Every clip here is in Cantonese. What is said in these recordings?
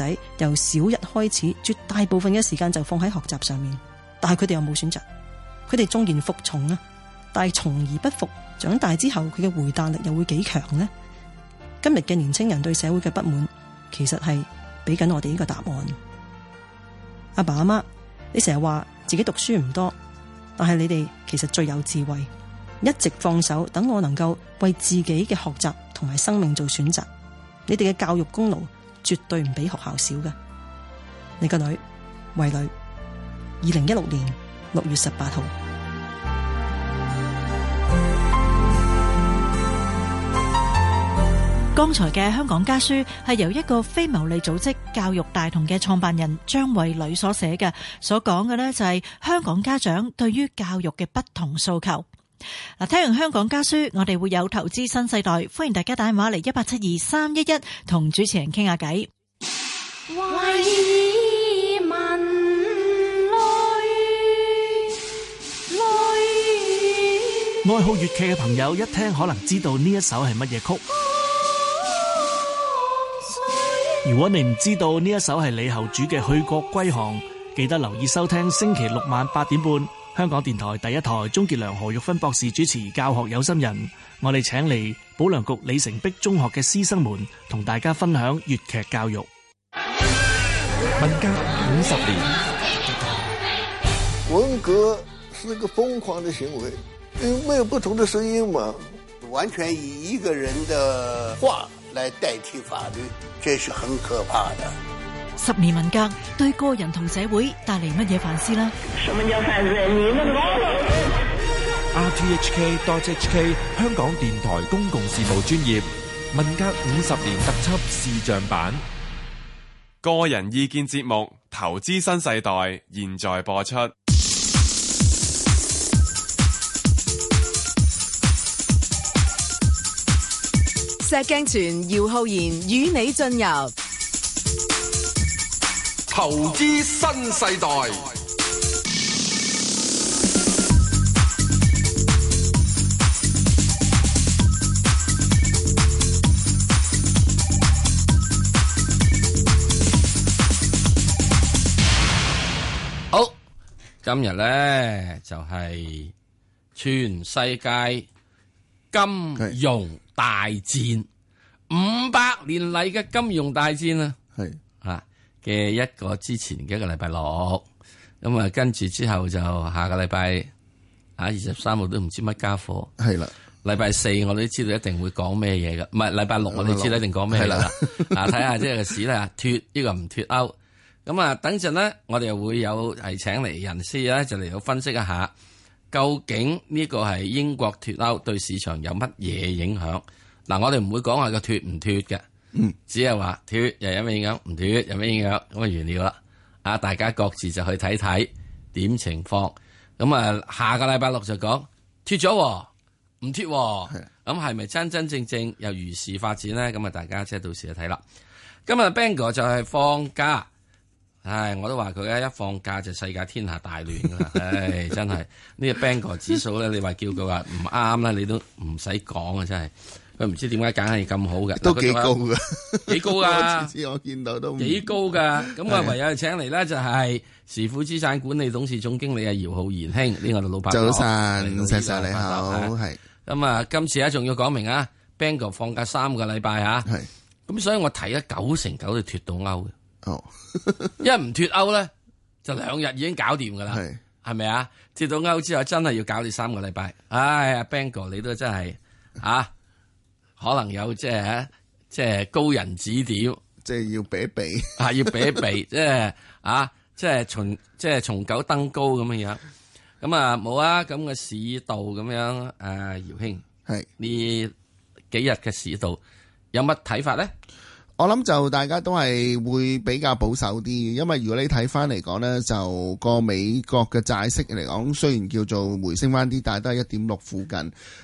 仔由小一開始，絕大部分嘅時間就放喺學習上面，但係佢哋又冇選擇，佢哋縱然服從啊，但係從而不服，長大之後佢嘅回答力又會幾強呢？今日嘅年青人對社會嘅不滿，其實係俾緊我哋呢個答案。阿爸阿媽，你成日話自己讀書唔多，但係你哋其實最有智慧，一直放手等我能夠為自己嘅學習同埋生命做選擇。你哋嘅教育功勞。絕對唔比學校少㗎。你個女慧女，二零一六年六月十八號。剛才嘅香港家書係由一個非牟利組織教育大同嘅創辦人張慧女所寫嘅，所講嘅呢，就係香港家長對於教育嘅不同訴求。嗱，聽完香港家書，我哋會有投資新世代，歡迎大家打電話嚟一八七二三一一同主持人傾下偈。為愛好粵劇嘅朋友一聽可能知道呢一首係乜嘢曲。啊、如果你唔知道呢一首係李後主嘅《去國歸航》，記得留意收聽星期六晚八點半。香港電台第一台，鍾傑良、何玉芬博士主持《教學有心人》，我哋請嚟保良局李城璧中學嘅師生們，同大家分享粵劇教育。文革五十年，文革是個瘋狂的行為，因為冇不同的聲音嘛，完全以一個人的話來代替法律，這是很可怕的。十年文革對個人同社會帶嚟乜嘢反思呢？r t h k dot HK 香港電台公共事務專頁文革五十年特輯視像版，個人意見節目投資新世代現在播出。石鏡泉、姚浩然與你進入。投資新世代。好，今日呢就係、是、全世界金融大戰五百是年嚟嘅金融大戰啊！係。嘅一個之前嘅一個禮拜六，咁、嗯、啊跟住之後就下個禮拜啊二十三號都唔知乜家夥，係啦的。禮拜四我都知道一定會講咩嘢噶，唔係禮拜六我哋知道一定講咩啦。啊，睇下即係個市啦，脫呢個唔脫歐，咁啊等陣呢，我哋又會有係請嚟人士咧就嚟到分析一下，究竟呢個係英國脫歐對市場有乜嘢影響？嗱、啊，我哋唔會講話個脫唔脫嘅。嗯，只係話脫又有咩影響，唔脫又有咩影響，咁啊完了啦。啊，大家各自就去睇睇點情況。咁啊，下個禮拜六就講脫咗，唔脫，啊。咁係咪真真正正又如是發展咧？咁啊，大家即係到時就睇啦。今日 Bangor 就係放假，唉，哎，我都話佢咧一放假就世界天下大亂㗎啦。唉， 哎，真係、這個、呢個 Bangor 指數咧，你叫話叫佢話唔啱啦，你都唔使講啊，真係。佢唔知點解揀係咁好嘅，都幾高嘅，幾高啊！我見到都幾高噶，咁啊唯有請嚟咧就係時富資產管理董事總經理啊姚浩然兄。呢個老闆早晨，多謝曬你好，係咁啊！今次啊，仲要講明啊，Bangle 放假三個禮拜嚇，係咁，所以我提咗九成九就脫到歐嘅，哦，一唔脱歐咧就兩日已經搞掂嘅啦，係係咪啊？脫到歐之後真係要搞你三個禮拜，唉啊，Bangle 你都真係啊！可能有即係即係高人指點，即係要避一避啊，要避一避，即係啊，即係從即係從九登高咁樣。咁啊冇啊咁嘅市道咁樣。誒、啊，姚兄係呢幾日嘅市道有乜睇法咧？我諗就大家都係會比較保守啲，因為如果你睇翻嚟講呢，就個美國嘅債息嚟講，雖然叫做回升翻啲，但係都係一點六附近。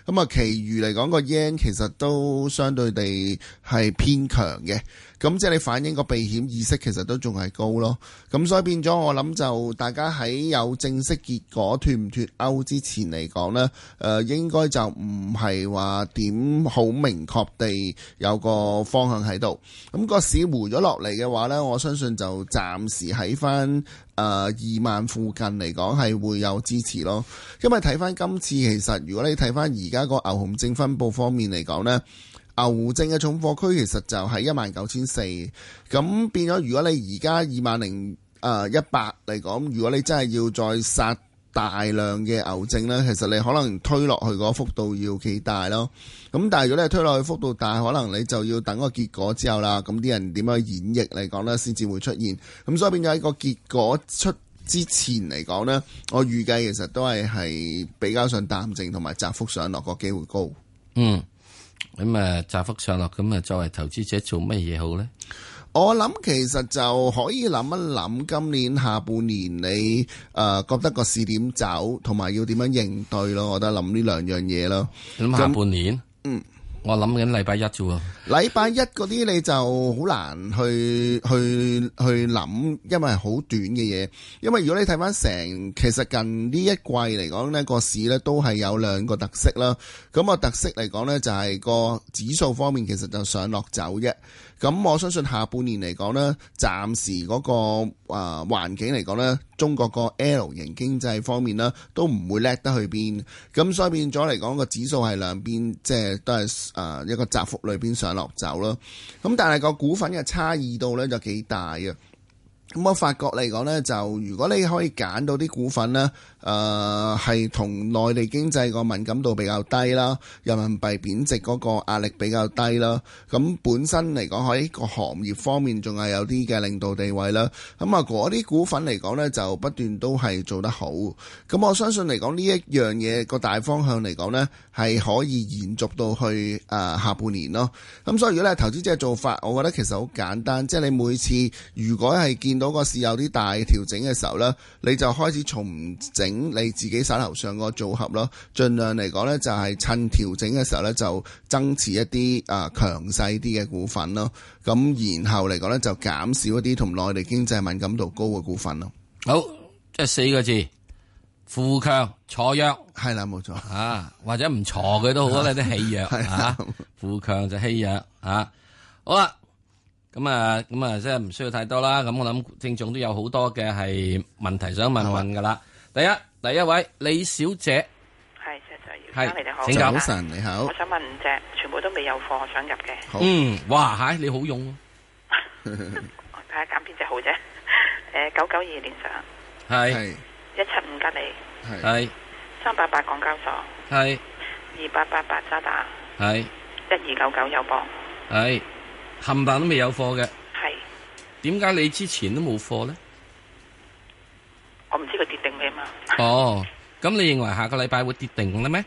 咁啊，其餘嚟講個 yen 其實都相對地係偏強嘅。咁即係你反映個避險意識其實都仲係高咯，咁所以變咗我諗就大家喺有正式結果脫唔脫歐之前嚟講呢，誒、呃、應該就唔係話點好明確地有個方向喺度。咁、嗯、個市回咗落嚟嘅話呢，我相信就暫時喺翻誒二萬附近嚟講係會有支持咯。因為睇翻今次其實如果你睇翻而家個牛熊證分佈方面嚟講呢。牛證嘅重貨區其實就係一萬九千四，咁變咗如果你而家二萬零誒一百嚟講，如果你真係要再殺大量嘅牛證呢，其實你可能推落去個幅度要幾大咯。咁但係如果你推落去幅度大，可能你就要等個結果之後啦。咁啲人點樣演繹嚟講呢？先至會出現。咁所以變咗喺個結果出之前嚟講呢，我預計其實都係係比較上淡靜同埋窄幅上落個機會高。嗯。咁啊，窄幅上落咁啊，作為投資者做乜嘢好咧？我諗其實就可以諗一諗今年下半年你，誒，覺得個市點走，同埋要點樣應對咯？我覺得諗呢兩樣嘢咯。下半年，嗯。我諗緊禮拜一啫喎，禮拜一嗰啲你就好難去去去諗，因為係好短嘅嘢。因為如果你睇翻成，其實近呢一季嚟講呢個市呢都係有兩個特色啦。咁個特色嚟講呢，就係個指數方面，其實就上落走啫。咁我相信下半年嚟講呢，暫時嗰、那個啊、呃、環境嚟講呢，中國個 L 型經濟方面呢都唔會叻得去邊。咁所以變咗嚟講，個指數係兩邊，即係都係啊一個窄幅裏邊上落走咯。咁但係個股份嘅差異度呢就幾大嘅。咁我發覺嚟講呢，就如果你可以揀到啲股份呢。誒係同內地經濟個敏感度比較低啦，人民幣貶值嗰個壓力比較低啦。咁本身嚟講喺個行業方面仲係有啲嘅領導地位啦。咁啊嗰啲股份嚟講呢，就不斷都係做得好。咁我相信嚟講呢一樣嘢個大方向嚟講呢，係可以延續到去誒下半年咯。咁所以如果咧投資者做法，我覺得其實好簡單，即係你每次如果係見到個市有啲大調整嘅時候呢，你就開始重整。咁你自己手頭上個組合咯，盡量嚟講咧就係趁調整嘅時候咧就增持一啲啊強勢啲嘅股份咯，咁然後嚟講咧就減少一啲同內地經濟敏感度高嘅股份咯。好，即係四個字，富強鋤弱，係啦，冇錯啊，或者唔鋤佢都好啦，啲起弱啊，富強就起弱啊，好啦，咁啊，咁啊，即係唔需要太多啦，咁我諗聽眾都有好多嘅係問題想問問噶啦。第一，第一位李小姐，係，係，你好，早晨你好，我想問五隻，全部都未有貨，我想入嘅。嗯，哇吓，你好勇，我睇下揀邊隻好啫，誒，九九二連上，係，一七五吉利，係，三八八港交所，係，二八八八渣打，係，一二九九友邦，係，冚唪唥都未有貨嘅，係，點解你之前都冇貨呢？我唔知佢跌。哦，咁你認為下個禮拜會跌定啦咩？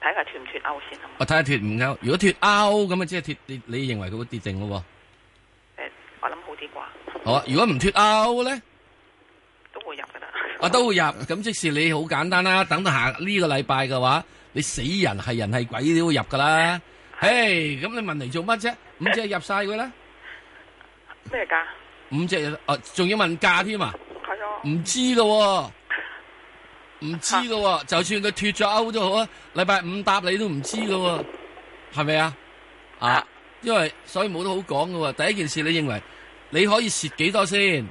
睇下脫唔脫歐先。我睇下脫唔歐，如果脫歐咁啊，即係跌，你認為佢會跌定咯？誒、欸，我諗好啲啩。好啊、哦，如果唔脫歐咧，都會入噶啦。我都會入，咁即使你好簡單啦。等到下呢個禮拜嘅話，你死人係人係鬼都會入噶啦。誒的，咁、hey, 你問嚟做乜啫？ 五隻入晒佢啦。咩價？五隻啊，仲、哦、要問價添啊？唔知咯、啊，唔知咯、啊，啊、就算佢脱咗歐都好啊！禮拜五答你都唔知噶，係咪啊？啊，因為所以冇得好講噶、啊。第一件事，你認為你可以蝕幾多先？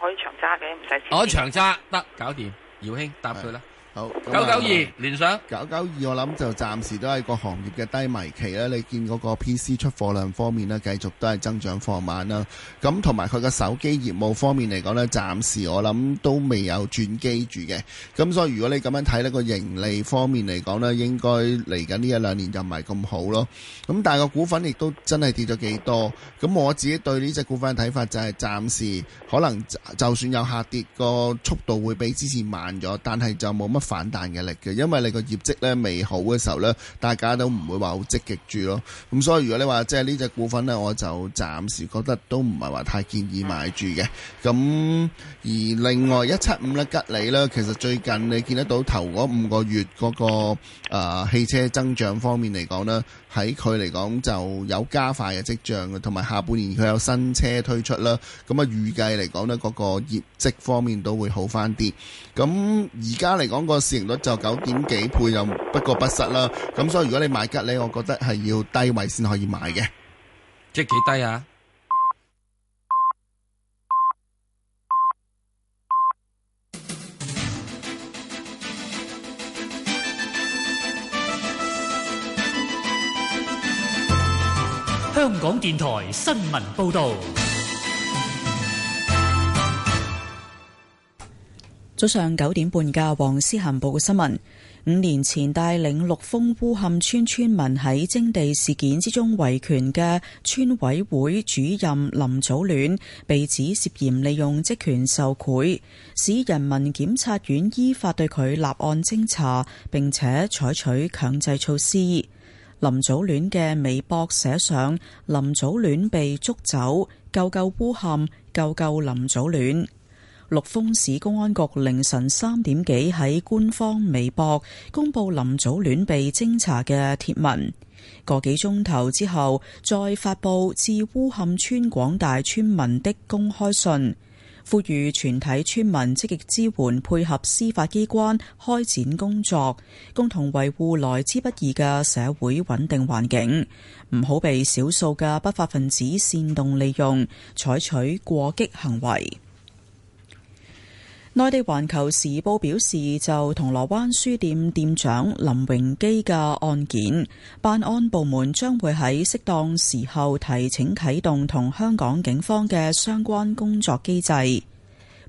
可以長揸嘅，唔使錢。以、啊、長揸得搞掂，姚兄答佢啦。好九九二聯想九九二，2 2, 我諗就暫時都係個行業嘅低迷期啦。你見嗰個 PC 出貨量方面咧，繼續都係增長放慢啦。咁同埋佢嘅手機業務方面嚟講咧，暫時我諗都未有轉機住嘅。咁所以如果你咁樣睇呢、個盈利方面嚟講咧，應該嚟緊呢一兩年就唔係咁好咯。咁但係個股份亦都真係跌咗幾多。咁我自己對呢隻股份嘅睇法就係暫時可能就算有下跌，個速度會比之前慢咗，但係就冇乜。反彈嘅力嘅，因為你個業績咧未好嘅時候呢，大家都唔會話好積極住咯。咁所以如果你話即係呢隻股份呢，我就暫時覺得都唔係話太建議買住嘅。咁而另外一七五咧，吉利呢，其實最近你見得到頭嗰五個月嗰個呃、汽車增長方面嚟講呢。喺佢嚟講就有加快嘅跡象嘅，同埋下半年佢有新車推出啦，咁啊預計嚟講呢，嗰個業績方面都會好翻啲。咁而家嚟講個市盈率就九點幾倍，又不過不失啦。咁所以如果你買吉利，我覺得係要低位先可以買嘅。即係幾低啊？香港電台新聞報道：早上九點半嘅黃思涵報告新聞，五年前帶領陸豐烏坎村村民喺徵地事件之中維權嘅村委會主任林祖戀，被指涉嫌利用職權受賄，市人民檢察院依法對佢立案偵查，並且採取強制措施。林祖戀嘅微博寫上：林祖戀被捉走，救救烏坎，救救林祖戀。陸豐市公安局凌晨三點幾喺官方微博公布林祖戀被偵查嘅貼文。個幾鐘頭之後，再發佈致烏坎村廣大村民的公開信。呼籲全體村民積極支援配合司法機關開展工作，共同維護來之不易嘅社會穩定環境，唔好被少數嘅不法分子煽動利用，採取過激行為。內地環球時報表示，就銅鑼灣書店店長林榮基嘅案件，辦案部門將會喺適當時候提請啟動同香港警方嘅相關工作機制。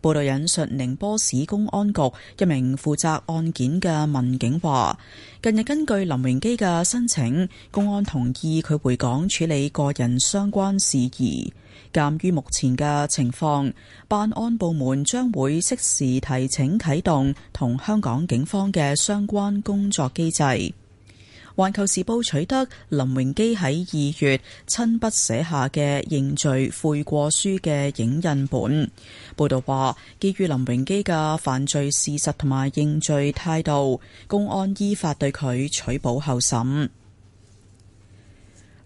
報道引述寧波市公安局一名負責案件嘅民警話，近日根據林榮基嘅申請，公安同意佢回港處理個人相關事宜。鑒於目前嘅情況，辦案部門將會適時提請啟動同香港警方嘅相關工作機制。環球時報取得林榮基喺二月親筆寫下嘅認罪悔過書嘅影印本，報道話，基於林榮基嘅犯罪事實同埋認罪態度，公安依法對佢取保候審。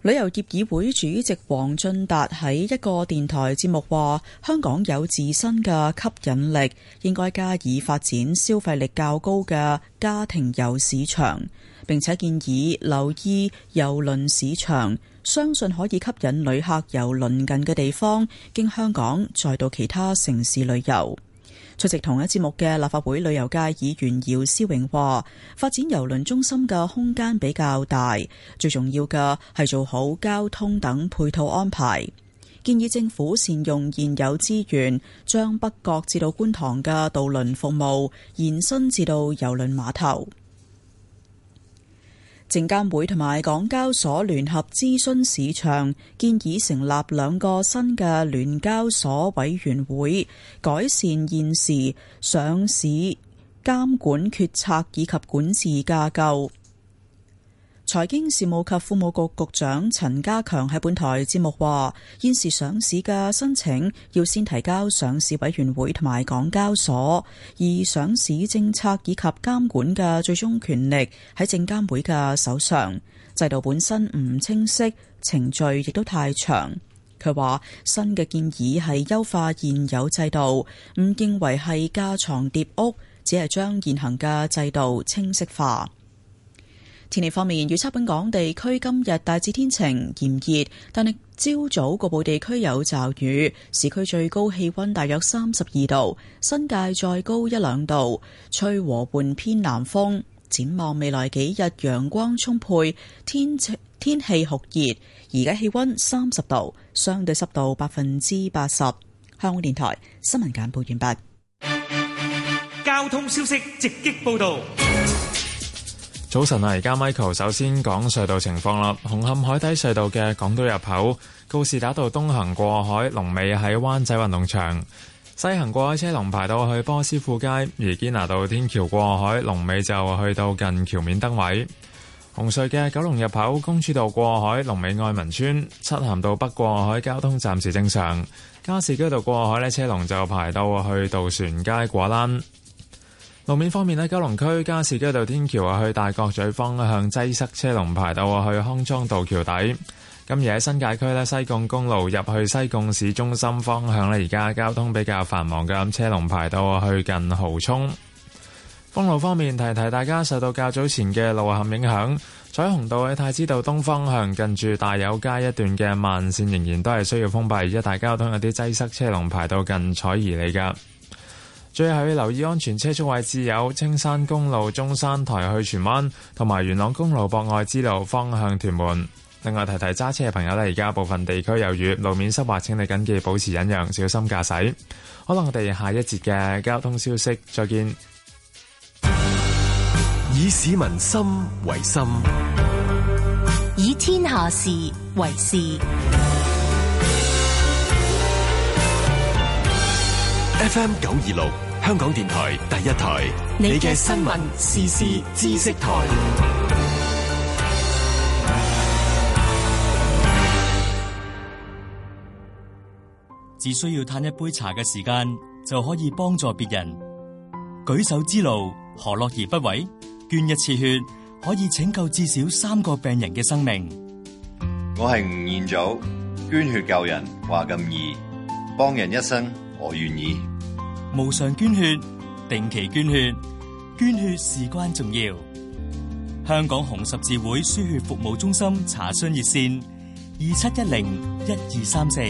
旅遊業議會主席黃俊達喺一個電台節目話，香港有自身嘅吸引力，應該加以發展消費力較高嘅家庭遊市場，並且建議留意郵輪市場，相信可以吸引旅客由鄰近嘅地方經香港再到其他城市旅遊。出席同一節目嘅立法會旅遊界議員姚思榮話：發展郵輪中心嘅空間比較大，最重要嘅係做好交通等配套安排，建議政府善用現有資源，將北角至到觀塘嘅渡輪服務延伸至到郵輪碼頭。證監會同埋港交所聯合諮詢市場，建議成立兩個新嘅聯交所委員會，改善現時上市監管決策以及管治架構。財經事務及庫務局局長陳家強喺本台節目話：現時上市嘅申請要先提交上市委員會同埋港交所，而上市政策以及監管嘅最終權力喺證監會嘅手上。制度本身唔清晰，程序亦都太長。佢話新嘅建議係優化現有制度，唔認為係架床疊屋，只係將現行嘅制度清晰化。天氣方面，預測本港地區今日大致天晴炎熱，但係朝早局部地區有驟雨。市區最高氣溫大約三十二度，新界再高一兩度，吹和緩偏南風。展望未來幾日，陽光充沛，天氣天氣酷熱。而家氣溫三十度，相對濕度百分之八十。香港電台新聞簡報完畢。交通消息直擊報道。早晨啊！而家 Michael 首先講隧道情況啦。紅磡海底隧道嘅港島入口告士打道東行過海，龍尾喺灣仔運動場；西行過海車龍排到去波斯富街。而堅拿道天橋過海，龍尾就去到近橋面燈位。紅隧嘅九龍入口公主道過海，龍尾愛民村；漆咸道北過海交通暫時正常。加士居道過海呢，車龍就排到去渡船街果欄。路面方面咧，九龍區加士居道天橋啊，去大角咀方向擠塞車龍排到啊去康莊道橋底。今日喺新界區咧，西貢公路入去西貢市中心方向咧，而家交通比較繁忙嘅，咁車龍排到啊去近蠔涌。封路方面提提大家，受到較早前嘅路陷影響，彩虹道喺太子道東方向近住大有街一段嘅慢線仍然都係需要封閉，而一帶交通有啲擠塞，車龍排到近彩怡嚟噶。最後要留意安全車速位置，有青山公路中山台去荃灣，同埋元朗公路博愛之路方向屯門。另外提提揸車嘅朋友呢，而家部分地區有雨，路面濕滑，請你謹記保持忍讓，小心駕駛。可能我哋下一節嘅交通消息再見。以市民心為心，以天下事為事。F M 九二六。香港電台第一台，你嘅新聞時事知識台，只需要嘆一杯茶嘅時間就可以幫助別人，舉手之勞何樂而不為？捐一次血可以拯救至少三個病人嘅生命。我係吳彥祖，捐血救人話咁易，幫人一生我願意。無償捐血，定期捐血，捐血事關重要。香港紅十字會輸血服務中心查詢熱線：二七一零一二三四。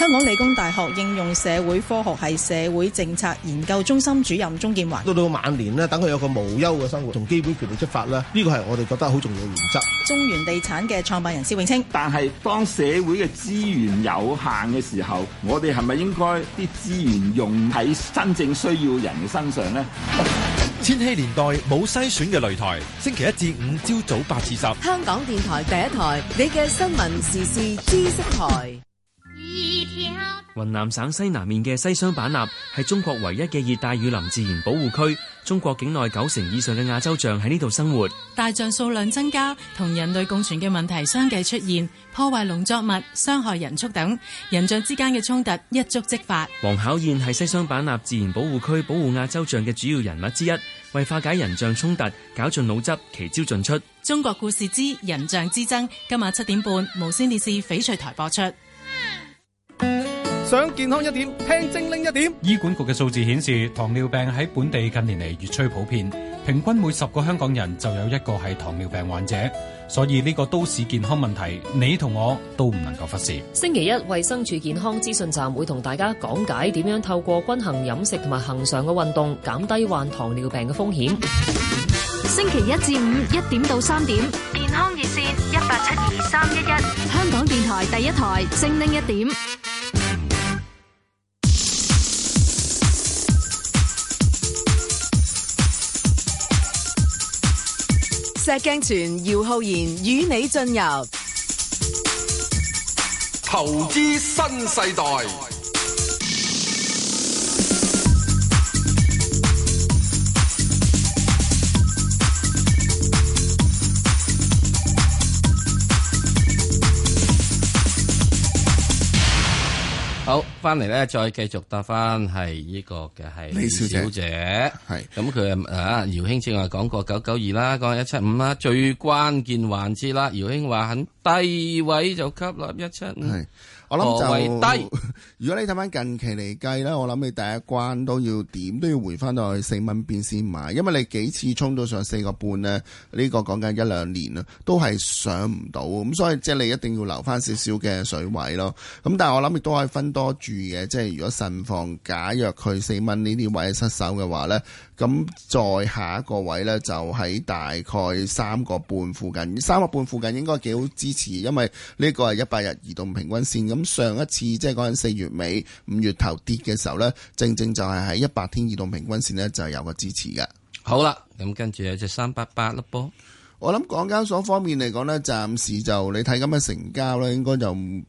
香港理工大學應用社會科學系社會政策研究中心主任鍾建華：到到晚年咧，等佢有個無憂嘅生活，從基本權利出發咧，呢個係我哋覺得好重要嘅原則。中原地產嘅創辦人施永青：但係當社會嘅資源有限嘅時候，我哋係咪應該啲資源用喺真正需要人嘅身上呢？千禧年代冇篩選嘅擂台，星期一至五朝早八至十，香港電台第一台，你嘅新聞時事知識台。雲南省西南面嘅西雙版納係中國唯一嘅熱帶雨林自然保護區，中國境內九成以上嘅亞洲象喺呢度生活。大象數量增加，同人類共存嘅問題相繼出現，破壞農作物、傷害人畜等人象之間嘅衝突一觸即發。黃巧燕係西雙版納自然保護區保護亞洲象嘅主要人物之一，為化解人象衝突，絞盡腦汁，奇招盡出。中國故事之人象之爭，今晚七點半無線電視翡翠台播出。 想健康一點，聽精靈一點。醫管局嘅數字顯示，糖尿病喺本地近年嚟越趨普遍，平均每十個香港人就有一個係糖尿病患者。所以呢個都市健康問題，你同我都唔能夠忽視。星期一衛生署健康資訊站會同大家講解點樣透過均衡飲食同埋恆常嘅運動減低患糖尿病嘅風險。星期一至五一點到三點，健康熱線一八七二三一一，香港電台第一台精靈一點。石鏡泉、姚浩然與你進入投資新世代。好，翻嚟咧，再繼續答翻係呢個嘅係李小姐，係咁佢啊，姚生正話講過九九二啦，2，講一七五啦，最關鍵環節啦，姚生話很低位就吸納一七五。我諗就係低。 如果你睇翻近期嚟計呢，我諗你第一關都要點都要回翻到去四蚊邊先買，因為你幾次衝到上四個半呢，呢、呢個講緊一兩年啦，都係上唔到，咁所以即係你一定要留翻少少嘅水位咯。咁但係我諗亦都可以分多注嘅，即係如果慎防，假若佢四蚊呢啲位失手嘅話呢。咁再下一個位呢，就喺大概三個半附近，三個半附近應該幾好支持，因為呢個係一百日移動平均線。咁上一次即係嗰陣四月尾、五月頭跌嘅時候呢，正正就係喺一百天移動平均線呢，就有個支持嘅。好啦了，咁跟住有隻三八八粒噃。我諗港交所方面嚟講呢，暫時就你睇咁嘅成交呢，應該就唔。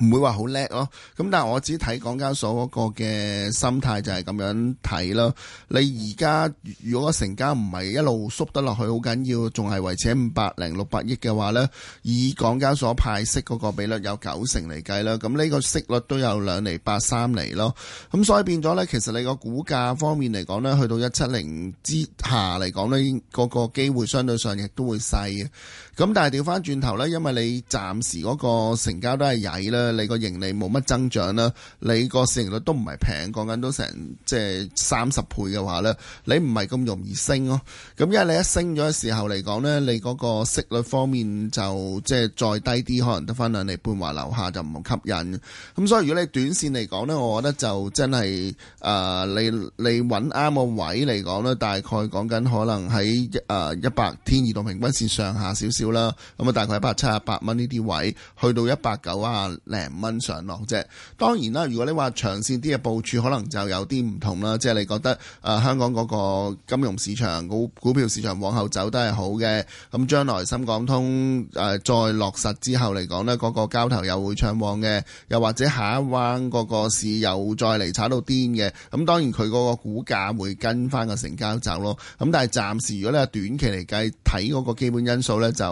唔會話好叻咯，咁但係我只睇港交所嗰個嘅心態就係咁樣睇咯。你而家如果成交唔係一路縮得落去，好緊要，仲係維持喺五百零六百億嘅話呢，以港交所派息嗰個比率有九成嚟計啦，咁呢個息率都有兩厘八三厘咯。咁所以變咗呢，其實你個股價方面嚟講呢，去到一七零之下嚟講呢，嗰個機會相對上亦都會細。咁但係調翻轉頭咧，因為你暫時嗰個成交都係曳啦，你個盈利冇乜增長啦，你個市盈率都唔係平，講緊都成即係三十倍嘅話咧，你唔係咁容易升咯。咁因為你一升咗嘅時候嚟講咧，你嗰個息率方面就即係再低啲，可能得翻兩厘半或樓下就唔吸引。咁所以如果你短綫嚟講咧，我覺得就真係誒、呃，你你搵啱個位嚟講咧，大概講緊可能喺誒一百、呃、天移動平均綫上下少少啦，咁啊、嗯、大概一百七啊八蚊呢啲位，去到一百九啊零蚊上落啫。當然啦，如果你話長線啲嘅部署，可能就有啲唔同啦。即係你覺得啊、呃，香港嗰個金融市場股、股票市場往後走都係好嘅。咁、嗯、將來深港通誒、呃、再落實之後嚟講呢，嗰、嗰個交投又會暢旺嘅，又或者下一彎嗰個市又再嚟炒到癲嘅。咁、嗯、當然佢嗰個股價會跟翻個成交走咯。咁、嗯、但係暫時如果你係短期嚟計，睇嗰個基本因素呢，就。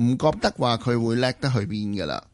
唔覺得話，佢會叻得去邊噶啦，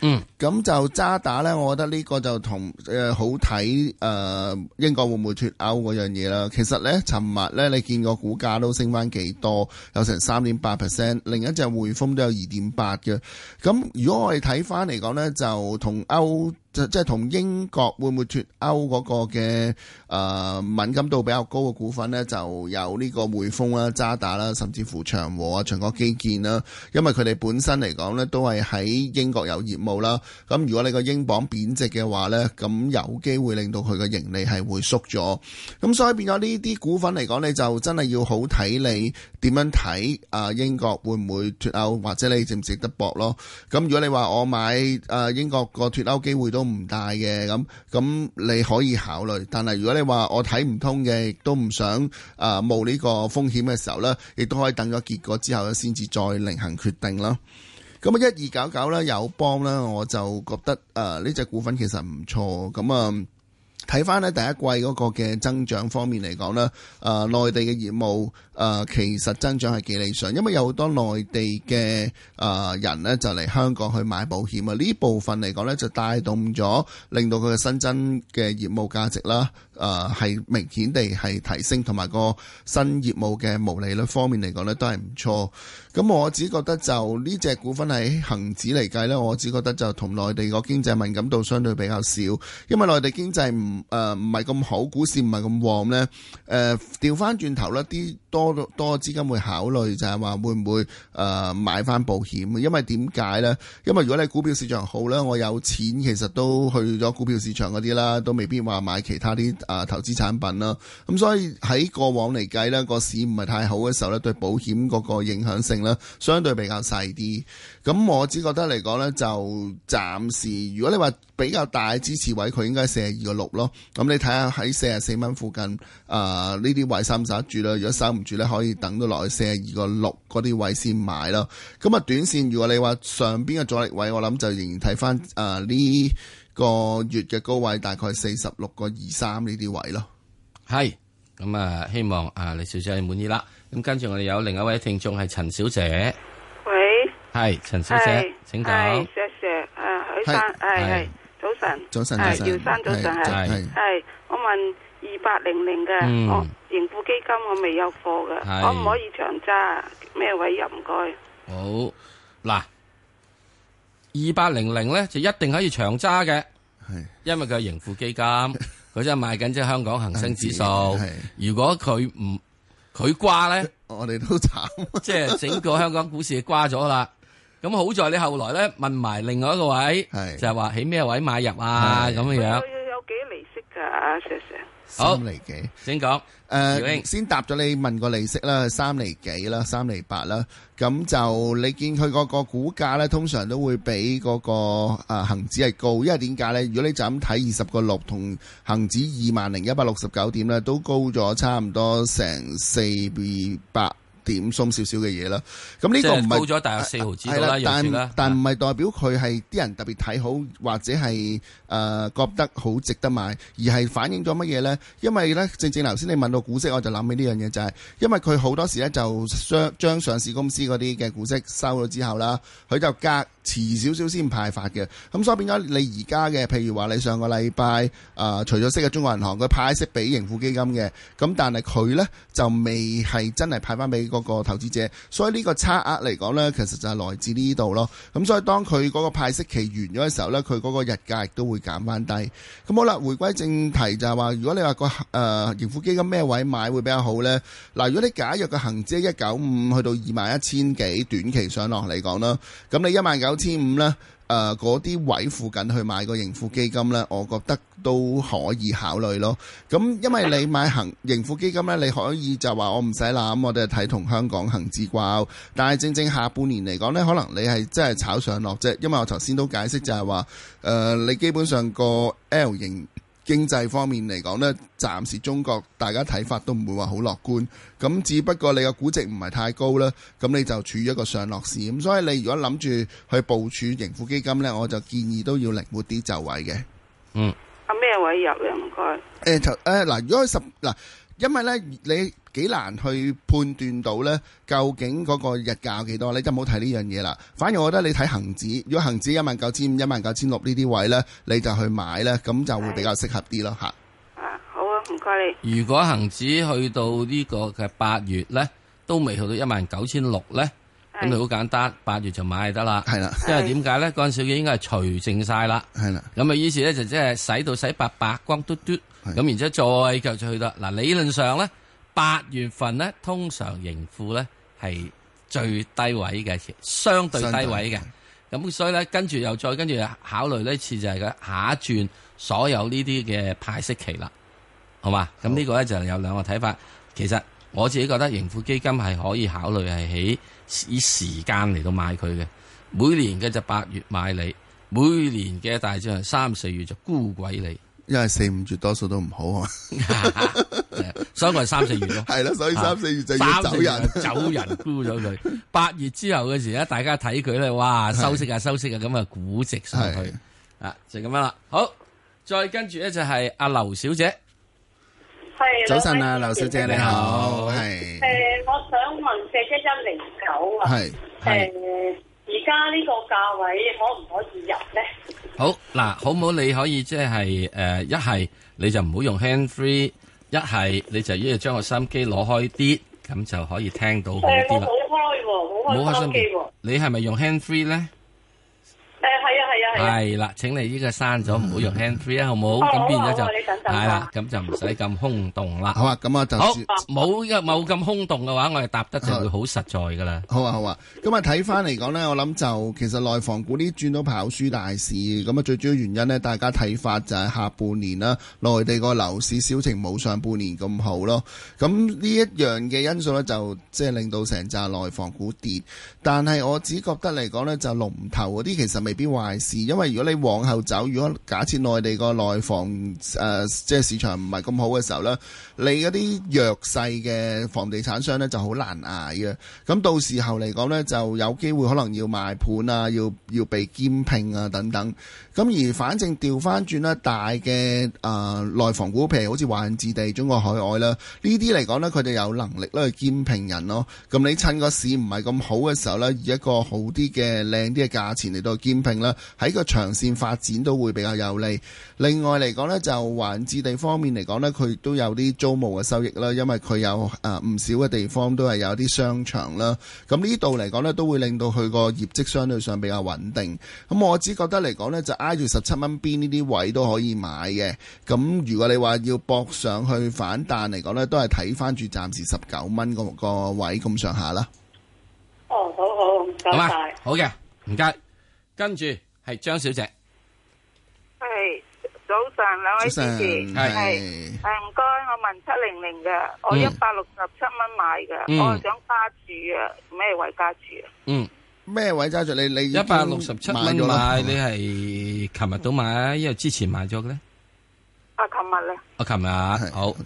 嗯。 咁就渣打咧，我覺得呢個就同誒、呃、好睇誒、呃、英國會唔會脱歐嗰樣嘢啦。其實咧，尋日咧你見個股價都升翻幾多，有成三點八 percent，另一隻匯豐都有二點八嘅。咁如果我哋睇翻嚟講咧，就同歐即即係同英國會唔會脱歐嗰個嘅誒、呃、敏感度比較高嘅股份咧，就有呢個匯豐啦、啊、渣打啦、啊，甚至乎長和啊、長江基建啦、啊，因為佢哋本身嚟講咧都係喺英國有業務啦、啊。咁如果你個英鎊貶值嘅話呢，咁有機會令到佢嘅盈利係會縮咗，咁所以變咗呢啲股份嚟講你就真係要好睇你點樣睇啊，英國會唔會脱歐，或者你值唔值得搏咯。咁如果你話我買啊英國個脱歐機會都唔大嘅，咁咁你可以考慮，但係如果你話我睇唔通嘅，亦都唔想啊冒呢個風險嘅時候呢，亦都可以等咗結果之後咧，先至再另行決定咯。咁啊，一二九九啦，友邦啦，我就覺得誒呢隻股份其實唔錯。咁啊睇翻，咧第一季嗰個嘅增長方面嚟講咧，誒、呃、內地嘅業務。誒、呃、其實增長係幾理想，因為有好多內地嘅誒人呢，就嚟香港去買保險啊！呢部分嚟講呢，就帶動咗，令到佢嘅新增嘅業務價值啦，誒、呃、係明顯地係提升，同埋個新業務嘅毛利率方面嚟講呢，都係唔錯。咁我只覺得就呢隻股份喺恒指嚟計呢，我只覺得就同內地個經濟敏感度相對比較少，因為內地經濟唔誒唔係咁好，股市唔係咁旺呢。誒調返轉頭呢啲。多多資金會考慮就係話會唔會誒、呃、買翻保險？因為點解呢？因為如果你股票市場好呢，我有錢其實都去咗股票市場嗰啲啦，都未必話買其他啲誒、呃、投資產品啦。咁所以喺過往嚟計呢，個市唔係太好嘅時候呢，對保險嗰個影響性呢，相對比較細啲。咁我只覺得嚟講呢，就暫時如果你話比較大支持位，佢應該四十二個六咯。咁你睇下喺四十四蚊附近誒呢啲位三十一住啦，如果三。住咧可以等到落去四十二個六嗰啲位先買咯。咁啊，短線，如果你話上邊嘅阻力位，我諗就仍然睇翻誒呢個月嘅高位，大概四十六個二三呢啲位咯。係咁啊，希望啊李小姐你滿意啦。咁跟住我哋有另一位聽眾係陳小姐。喂，係陳小姐，請講。石生，誒，姚生，係早晨，早晨，係姚生，早晨，係係，我問。二八零零嘅，哦盈富基金我未有貨嘅，可唔可以長揸？咩位入唔該？好嗱，二八零零咧就一定可以長揸嘅，係因為佢係盈富基金，佢真係賣緊隻香港恒生指數。如果佢唔佢瓜咧，我哋都慘，即係整個香港股市瓜咗啦。咁好在你後來咧問埋另外一個位，就係話喺咩位買入啊？咁樣樣有有幾利息噶？啊，Sir。三厘幾，先講。誒，先答咗你問個利息啦，三厘幾啦，三厘八啦。咁就你見佢嗰個股價呢，通常都會比嗰、那個誒恒、呃、指係高，因為點解呢？如果你就咁睇二十個六同恒指二萬零一百六十九點呢，都高咗差唔多成四倍八。點鬆少少嘅嘢啦，咁呢個唔係高咗大概四毫紙，啊、但子但唔係代表佢係啲人特別睇好或者係誒、呃、覺得好值得買，而係反映咗乜嘢呢？因為呢，正正頭先你問到股息，我就諗起呢樣嘢就係、是，因為佢好多時呢，就將將上市公司嗰啲嘅股息收咗之後啦，佢就隔。遲少少先派發嘅，咁所以變咗你而家嘅，譬如話你上個禮拜啊，除咗息嘅中國銀行，佢派息俾盈富基金嘅，咁但係佢呢就未係真係派翻俾嗰個投資者，所以呢個差額嚟講呢，其實就係來自呢度咯。咁所以當佢嗰個派息期完咗嘅時候呢，佢嗰個日價亦都會減翻低。咁好啦，回歸正題就係話，如果你話個誒盈富基金咩位買會比較好呢？嗱，如果你假若個恒指一九五去到二萬一千幾短期上落嚟講啦，咁你一萬九。千五咧，誒、嗯，嗰啲位附近去買個盈富基金咧，我覺得都可以考慮咯。咁因為你買恒盈富基金咧，你可以就話我唔使喇，我哋係，睇同香港恒指掛。但係正正下半年嚟講咧，可能你係真係炒上落啫。因為我頭先都解釋就係話，誒、呃，你基本上個 L 型。經濟方面嚟講呢，暫時中國大家睇法都唔會話好樂觀，咁只不過你個估值唔係太高啦，咁你就處於一個上落市，咁所以你如果諗住去部署盈富基金呢，我就建議都要靈活啲就位嘅。嗯，啊咩位入咧？唔該。誒、呃，嗱、呃，如果十嗱、呃，因為呢，你。幾難去判斷到呢？究竟嗰個日價有幾多你就唔好睇呢樣嘢啦。反而我覺得你睇恒指，如果恒指一萬九千五、一萬九千六呢啲位呢，你就去買呢，咁就會比較適合啲咯，吓的。好啊，唔該你。如果恒指去到呢個嘅八月呢，都未去到一萬九千六呢，咁的就好簡單，八月就買得啦。係啦的，因為點解呢？嗰陣時應該係除淨晒啦，係啦的。咁啊，於是呢，就即係使到洗白白，白光嘟嘟，咁的然之後再繼續去得。嗱，理論上呢。八月份呢，通常盈富呢係最低位嘅，相對低位嘅。咁對所以呢，跟住又再跟住考慮呢次就係佢下一轉，所有呢啲嘅派息期啦，好嘛？咁呢好個呢就有兩個睇法。其實我自己覺得盈富基金係可以考慮係起以時間嚟到買佢嘅，每年嘅就八月買你，每年嘅大係就三四月就沽鬼你。因為四五月多數都唔好啊， 啊， 所以我係三四月咯，係啦，所以三四月就走人，走人沽咗佢。八月之後嘅時咧，大家睇佢咧，哇，收息啊，收息啊，咁啊，估值上去啊，就咁樣啦。好，再跟住咧就係阿劉小姐，係早晨啊，劉小姐你好，係。誒，我想問隻一零九啊，係，誒，而家呢個價位可唔可以入咧？好嗱，好唔好？你可以即係誒，一係，你就唔好用 hand free，一係，你就一日將個收音機攞開啲，咁就可以聽到好啲啦、欸。我冇開喎、喔，冇開收音機。你係咪用 hand free 咧？係啦，請你呢個刪咗，唔好、嗯、用 hand free 啊，好唔好？咁、哦、變咗就係啦，咁了就唔使咁空洞啦。好啊，咁啊就冇冇咁空洞嘅話，我哋答得就會好實在噶啦、嗯。好啊，好啊。咁啊睇翻嚟講呢，我諗就其實內房股呢轉到跑輸大市，咁啊最主要原因呢，大家睇法就係下半年啦，內地個樓市銷情冇上半年咁好咯。咁呢一樣嘅因素呢，就即係令到成紮內房股跌。但係我只覺得嚟講呢，就龍頭嗰啲其實未必壞事。因為如果你往後走，如果假設內地個內房誒、呃，即係市場唔係咁好嘅時候呢，你嗰啲弱勢嘅房地產商呢就好難捱嘅。咁到時候嚟講呢，就有機會可能要賣盤啊，要要被兼併啊等等。咁而反正調翻轉啦，大嘅誒、呃、內房股票，譬如好似華人置地、中國海外啦，呢啲嚟講呢，佢哋有能力咧去兼併人咯。咁你趁個市唔係咁好嘅時候呢，以一個好啲嘅靚啲嘅價錢嚟到兼併啦，喺。個長線發展都會比較有利。另外嚟講呢，就環置地方面嚟講呢，佢都有啲租務嘅收益啦，因為佢有誒唔少嘅地方都係有啲商場啦。咁呢度嚟講呢，都會令到佢個業績相對上比較穩定。咁我只覺得嚟講呢，就挨住十七蚊邊呢啲位都可以買嘅。咁如果你話要搏上去反彈嚟講呢，都係睇翻住暫時十九蚊個位咁上下啦。哦，好好，唔該，好嘅，唔該，跟住。係張小姐，係早上兩位主持係係唔該，我問七零零嘅，我一百六十七蚊買嘅，嗯、我係想加住啊，咩位加住？啊？嗯，咩位加住？你你一百六十七蚊買，你係琴日都買，因為、嗯、之前買咗嘅咧，啊，琴日咧，啊、oh,，琴日啊。好 OK。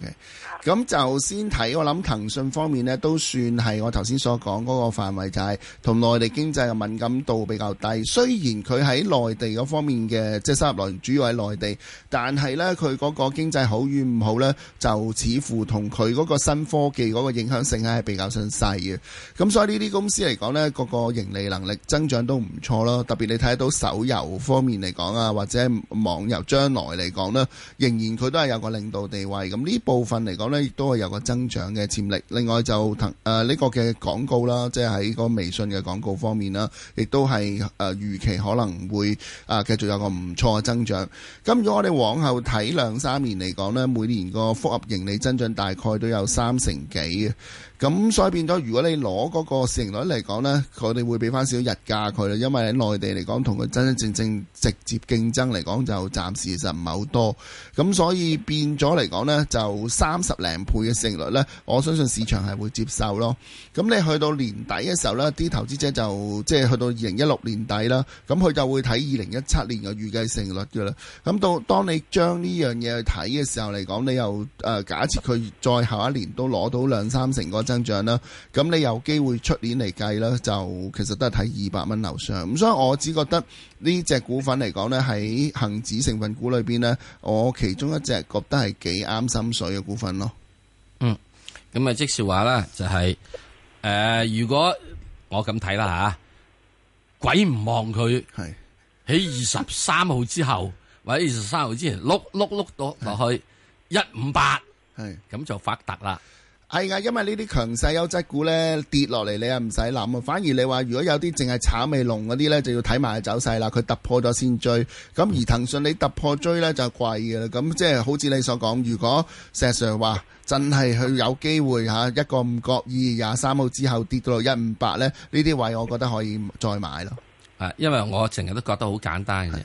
咁就先睇，我諗騰訊方面咧都算係我頭先所講嗰個範圍，就是，就係同內地經濟嘅敏感度比較低。雖然佢喺內地嗰方面嘅即係收入來源主要喺內地，但係咧佢嗰個經濟好與唔好咧，就似乎同佢嗰個新科技嗰個影響性係比較相細嘅。咁所以呢啲公司嚟講咧，個個盈利能力增長都唔錯咯。特別你睇到手遊方面嚟講啊，或者網遊將來嚟講咧，仍然佢都係有個領導地位。咁呢部分嚟講，亦都係有個增長嘅潛力，另外就騰誒呢個嘅廣告啦，即係喺個微信嘅廣告方面啦，亦都係誒預期可能會啊繼續有個唔錯嘅增長。咁如果我哋往後睇兩三年嚟講呢，每年個複合盈利增長大概都有三成幾。咁所以變咗，如果你攞嗰個市盈率嚟講咧，佢哋會俾翻少少日價佢啦，因為喺內地嚟講同佢真真正正直接競爭嚟講就暫時其實唔係好多。咁所以變咗嚟講咧，就三十零倍嘅市盈率咧，我相信市場係會接受咯。咁你去到年底嘅時候咧，啲投資者就即係去到二零一六年底啦，咁佢就會睇二零一七年嘅預計市盈率噶啦。咁到當你將呢樣嘢去睇嘅時候嚟講，你又誒、呃、假設佢再下一年都攞到兩三成個。增長啦，咁你有機會出年嚟計啦，就其實都係睇二百蚊樓上。咁所以我只覺得呢隻股份嚟講呢喺恒指成分股裏邊呢，我其中一隻覺得係幾啱心水嘅股份咯。嗯，咁啊即是話啦，就係、是、誒、呃，如果我咁睇啦吓，鬼唔望佢喺二十三號之後或者二十三號之前碌碌碌到落去一五八，係咁就發達啦。係啊，因為呢啲強勢優質股呢，跌落嚟，你又唔使諗啊。反而你話如果有啲淨係炒味龍嗰啲呢，就要睇埋走勢啦。佢突破咗先追。咁而騰訊你突破追呢，就貴噶啦。咁即係好似你所講，如果石 Sir 話真係去有機會吓一個唔覺意廿三號之後跌到一五八呢，呢啲位我覺得可以再買咯。因為我成日都覺得好簡單嘅。的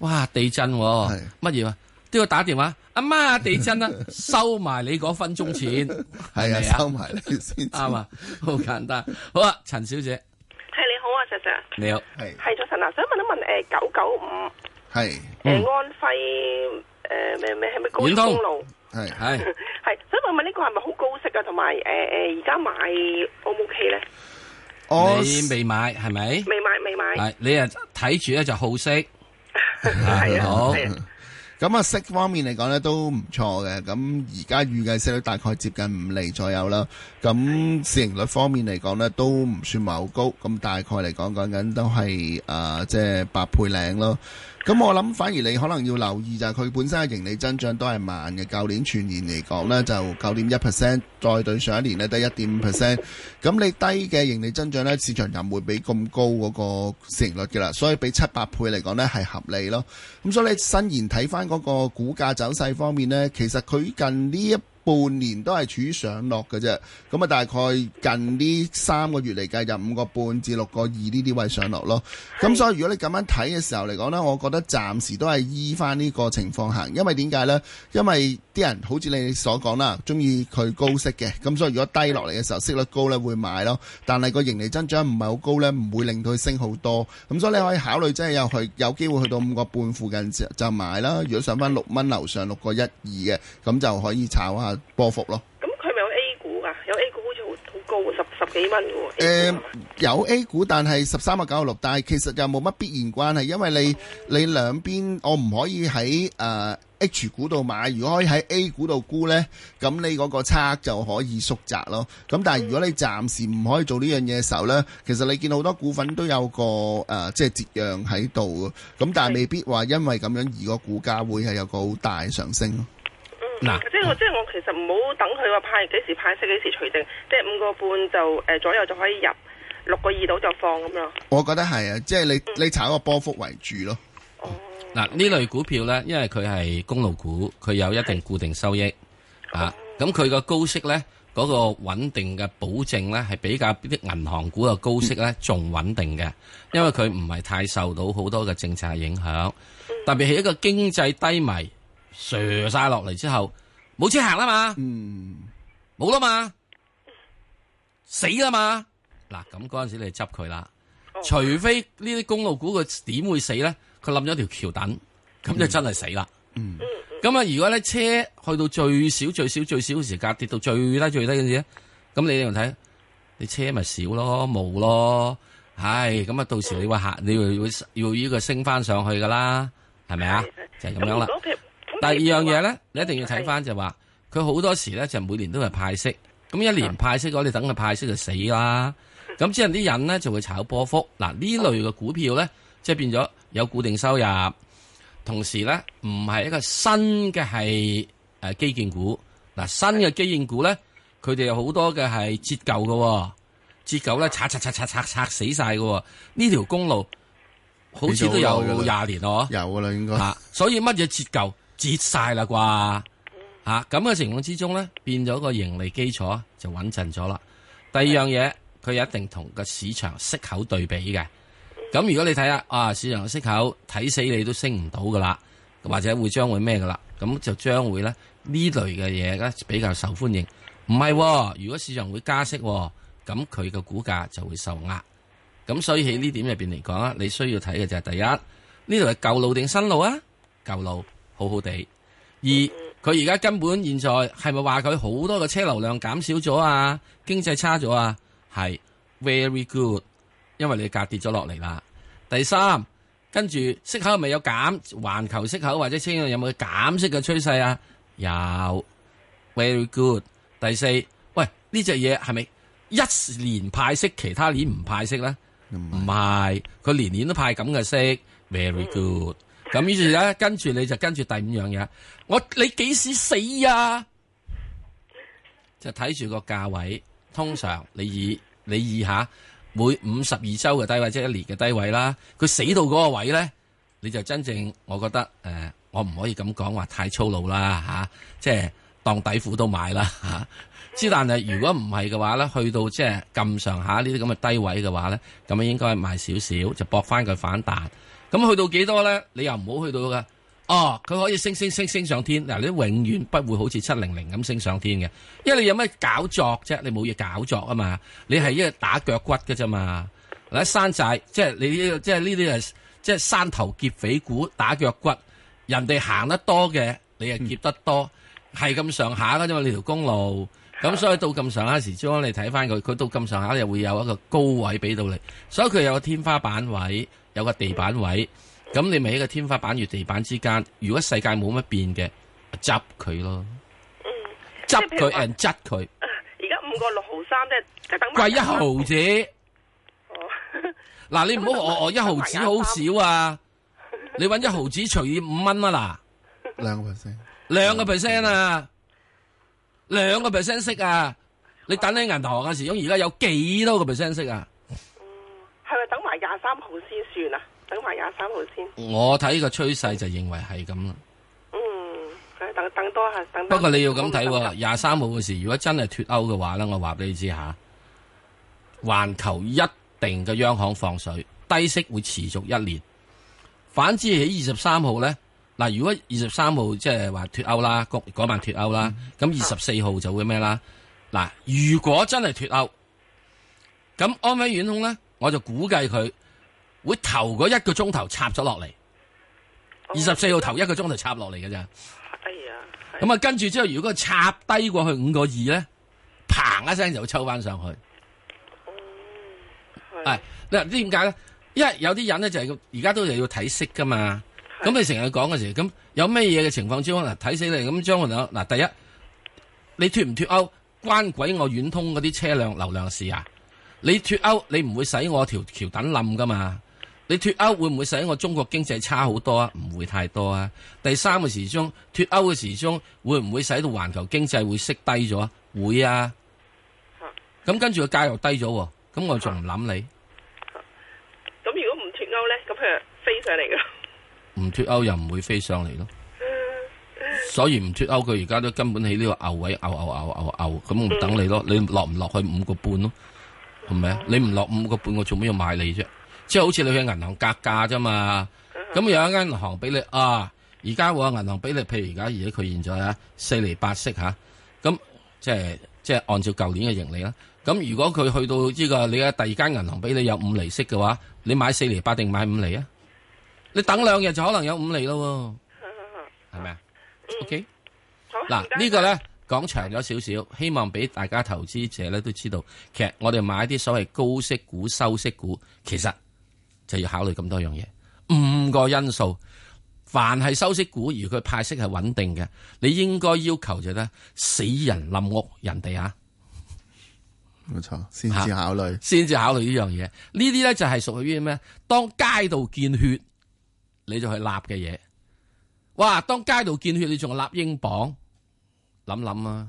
哇！地震乜、啊、嘢？的都要打電話，阿媽地震啦，收埋你嗰分鐘錢係咪啊？收埋你先，啱啊？好簡單，好啊，陳小姐，係你好啊，石石，你好，係，係早晨啊，想問一問，誒，九九五，係，誒安徽，誒咩咩，係咪高豐路？係係係，想問問呢個係咪好高息啊？同埋誒誒，而家買 O 唔 O K 咧？你未買係咪？未買未買，係你啊睇住咧就好息，係啊。咁啊息方面嚟講呢都唔錯嘅，咁而家預計息率大概接近五厘左右啦。咁、嗯、市盈率方面嚟講呢都唔算係好高，咁、嗯、大概嚟講講緊都係誒即係八倍零咯。嗯。咁我諗反而你可能要留意就係佢本身嘅盈利增長都係慢嘅。舊年全年嚟講呢就九點一 percent，再對上一年呢低一點五 percent，咁你低嘅盈利增長呢，市場就唔會俾咁高嗰個市盈率嘅啦，所以俾七八倍嚟講呢係合理咯。咁所以你新賢睇翻嗰個股價走勢方面呢，其實佢近呢一半年都係處於上落嘅啫，咁啊大概近呢三個月嚟計就五個半至六個二呢啲位上落咯。咁所以如果你咁樣睇嘅時候嚟講咧，我覺得暫時都係依翻呢個情況行，因為點解呢？因為啲人好似你所講啦，中意佢高息嘅，咁所以如果低落嚟嘅時候息率高呢會買咯。但係個盈利增長唔係好高呢，唔會令到佢升好多。咁所以你可以考慮真係、即係、有去有機會去到五個半附近就就買啦。如果上翻六蚊樓上六個一二嘅，咁就可以炒下。波幅咯，咁佢咪有 A 股啊？有 A 股好似好高，十十幾蚊嘅喎。誒，有 A 股，但係十三個九十六，但係其實又冇乜必然關係，因為你你兩邊我唔可以喺誒 H 股度買，如果可以喺 A 股度沽呢，咁你嗰個差就可以縮窄咯。咁但係如果你暫時唔可以做呢樣嘢嘅時候呢，其實你見到好多股份都有個誒即係折讓喺度，咁但係未必話因為咁樣而個股價會係有個好大上升咯。嗱，即係即係我其實唔好等佢話派幾時派息幾時除定，即係五個半就誒左右就可以入，六個二度就放咁樣。我覺得係啊，即係你你炒個波幅為主咯。嗱，呢類股票咧，因為佢係公路股，佢有一定固定收益啊。咁佢個高息咧，嗰個穩定嘅保證咧，係比較啲銀行股嘅高息咧，仲穩定嘅，因為佢唔係太受到好多嘅政策影響，特別係一個經濟低迷。削晒落嚟之後，冇車行啦嘛，冇啦嘛，死啦嘛！嗱，咁嗰陣時你執佢啦，除非呢啲公路股佢點會死咧？佢冧咗條橋墩，咁就真係死啦。咁啊，如果咧車去到最少最少最少時間跌到最低最低嘅時候，咁你又睇，你車咪少咯，冇咯，唉咁啊！到時你話，行，你會會要呢個升翻上去噶啦，係咪啊？就係咁樣啦。第二樣嘢咧，你一定要睇翻就話、是，佢好是多時咧就每年都係派息，咁一年派息嘅話，你等佢派息就死啦。咁是之後啲人咧就會炒波幅。嗱呢類嘅股票咧，即係變咗有固定收入，同時咧唔係一個新嘅係誒基建股。嗱新嘅基建股咧，佢哋有好多嘅係折舊嘅，折舊咧拆拆拆拆拆拆死晒嘅。呢條公路好似都有廿年咯，有噶啦應該。所以乜嘢折舊？折晒啦啩嚇咁嘅情況之中咧，變咗個盈利基礎就穩陣咗啦。第二樣嘢，佢一定同個市場息口對比嘅。咁、啊、如果你睇下啊，市場嘅息口睇死你都升唔到噶啦，或者會將會咩噶啦？咁就將會咧呢類嘅嘢咧比較受歡迎。唔係、啊，如果市場會加息、啊，咁佢嘅股價就會受壓。咁所以喺呢點入邊嚟講啊，你需要睇嘅就係第一呢度係舊路定新路啊？舊路。好好地，二，佢而家根本現在係咪話佢好多嘅車流量減少咗啊？經濟差咗啊？係 very good，因為你價跌咗落嚟啦。第三，跟住息口係咪有減？環球息口或者車有冇減息嘅趨勢啊？有 very good。第四，喂，呢隻嘢係咪一年派息，其他年唔派息咧？唔係，嗯，佢年年都派咁嘅息 very good，嗯。咁於是咧，跟住你就跟住第五樣嘢，我你幾時死啊？就睇住個價位，通常你以你以下每五十二週嘅低位，即係一年嘅低位啦。佢死到嗰個位咧，你就真正我覺得，誒、呃，我唔可以咁講話太粗魯啦，嚇、啊，即係當底褲都買啦，嚇、啊。之但係如果唔係嘅話咧，去到即係咁上下呢啲咁嘅低位嘅話咧，咁啊應該賣少少，就搏翻佢反彈。咁、嗯、去到幾多咧？你又唔好去到噶。哦，佢可以升升升升上天。嗱、呃，你永遠不會好似七零零咁升上天嘅，因為你有咩搞作啫？你冇嘢搞作啊嘛。你係一個打腳骨嘅啫嘛。嗱，山寨即係你呢？即係呢啲係即係山頭劫匪股打腳骨。人哋行得多嘅，你又劫得多，係咁上下嘅啫嘛。你條公路咁，所以到咁上下時，將你睇翻佢，佢到咁上下又會有一個高位俾到你，所以佢有個天花板位。有個地板位，咁你咪喺個天花板與地板之間。如果世界冇乜變嘅，執佢咯。嗯，執佢，人執佢。而家五個六毫三，即係等貴一毫子。哦，嗱， 你唔好我我一毫子好少啊！你搵一毫子除以五蚊啊嗱。兩個 percent，兩個 percent 啊，兩個 percent 息啊！你等你銀行嘅時鐘而家有幾多個 percent 息啊？三號先算啦，等埋廿三號先。我睇個趨勢就認為係咁啦。嗯，等等多下，等。不過你要咁睇喎，廿三號嘅時，如果真係脫歐嘅話咧，我話俾你知吓，環球一定嘅央行放水，低息會持續一年。反之喺二十三號咧，嗱，如果二十三號即係話脫歐啦，嗰晚脫歐啦，咁二十四號就會咩啦？嗱、啊，如果真係脫歐，咁安偉遠控咧，我就估計佢。會頭嗰一個鐘頭插咗落嚟，二十四號頭一個鐘頭插落嚟嘅咋？咁啊、哎，跟住之後如果插低過去五個二咧，嘭一聲就會抽翻上去。係嗱、嗯，點解咧？因為有啲人咧就係而家都係要睇息噶嘛。咁的你成日講嘅時，咁有咩嘢嘅情況之下睇死你咁將我嗱，第一，你脫唔脫歐關鬼我遠通嗰啲車輛流量事啊！你脫歐你唔會使我條橋墩冧噶嘛？你脫歐會唔會使我中國經濟差好多啊？唔會太多啊。第三個時鐘脫歐嘅時鐘會唔會使到環球經濟會息低咗啊？會啊。咁、啊、跟住個價又低咗，咁我仲唔諗你？咁如果唔脫歐咧，咁佢飛上嚟噶。唔脫歐又唔會飛上嚟咯。所以唔脫歐，佢而家都根本喺呢個牛位，牛牛牛牛牛，咁我、嗯、等你咯。你落唔落去五個半咯？係咪啊？嗯、你唔落五個半，我做咩、e, 要買你啫？即係好似你去銀行格價啫嘛，咁、嗯、有一間銀行俾你啊，而家會有銀行俾你，譬如而家而家佢現在啊四厘八息吓，咁、啊、即係即係按照舊年嘅盈利啦。咁如果佢去到呢、這個你嘅第二間銀行俾你有五厘息嘅話，你買四厘八定買五厘啊？你等兩日就可能有五厘咯，係咪啊？OK，嗱好、這個、呢個咧講長咗少少，希望俾大家投資者咧都知道，其實我哋買啲所謂高息股、收息股，其實。就要考慮咁多樣嘢，五個因素，凡係收息股而佢派息係穩定嘅，你應該要求就咧死人冧屋人，人哋啊，冇錯，先至考慮，先至考慮呢樣嘢，呢啲咧就係屬於咩？當街道見血，你就去立嘅嘢，哇！當街道見血，你仲立英鎊，諗諗啊！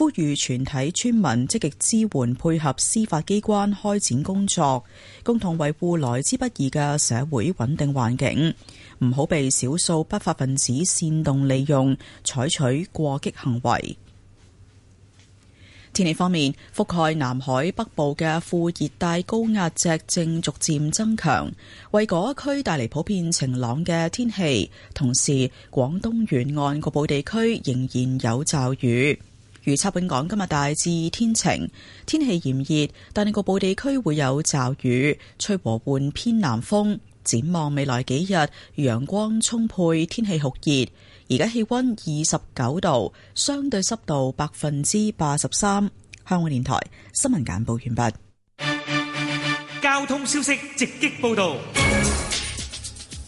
呼籲全體村民積極支援，配合司法機關開展工作，共同維護來之不易嘅社會穩定環境，唔好被少數不法分子煽動利用，採取過激行為。天氣方面，覆蓋南海北部嘅副熱帶高壓脊正逐漸增強，為嗰一區帶嚟普遍晴朗嘅天氣，同時廣東沿岸各部地區仍然有驟雨。預測本港今日大致天晴，天氣炎熱，但係局部地區會有驟雨，吹和緩偏南風。展望未來幾日，陽光充沛，天氣酷熱。而家氣溫二十九度，相對濕度百分之八十三。香港電台新聞簡報完畢。交通消息直擊報道。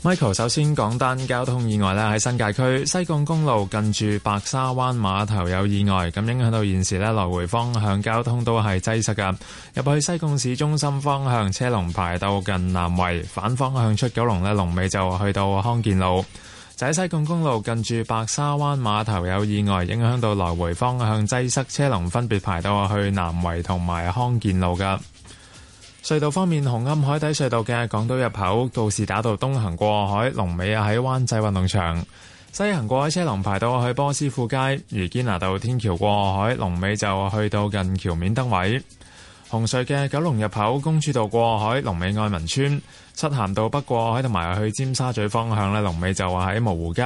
Michael 首先講單交通意外呢，喺新界區西貢公路近住白沙灣碼頭有意外，咁影響到現時呢，來回方向交通都係擠塞㗎。入去西貢市中心方向車龍排到近南圍，反方向出九龍呢，龍尾就去到康健路。就喺西貢公路近住白沙灣碼頭有意外，影響到來回方向擠塞，車龍分別排到去南圍同埋康健路㗎。隧道方面，紅磡海底隧道嘅港島入口，告士打道東行過海，龍尾啊喺灣仔運動場；西行過海車龍排到去波斯富街，如堅拿道天橋過海，龍尾就去到近橋面燈位。紅隧嘅九龍入口，公主道過海，龍尾愛民村；漆咸道北過海，同埋去尖沙咀方向咧，龍尾就話喺蕪湖街。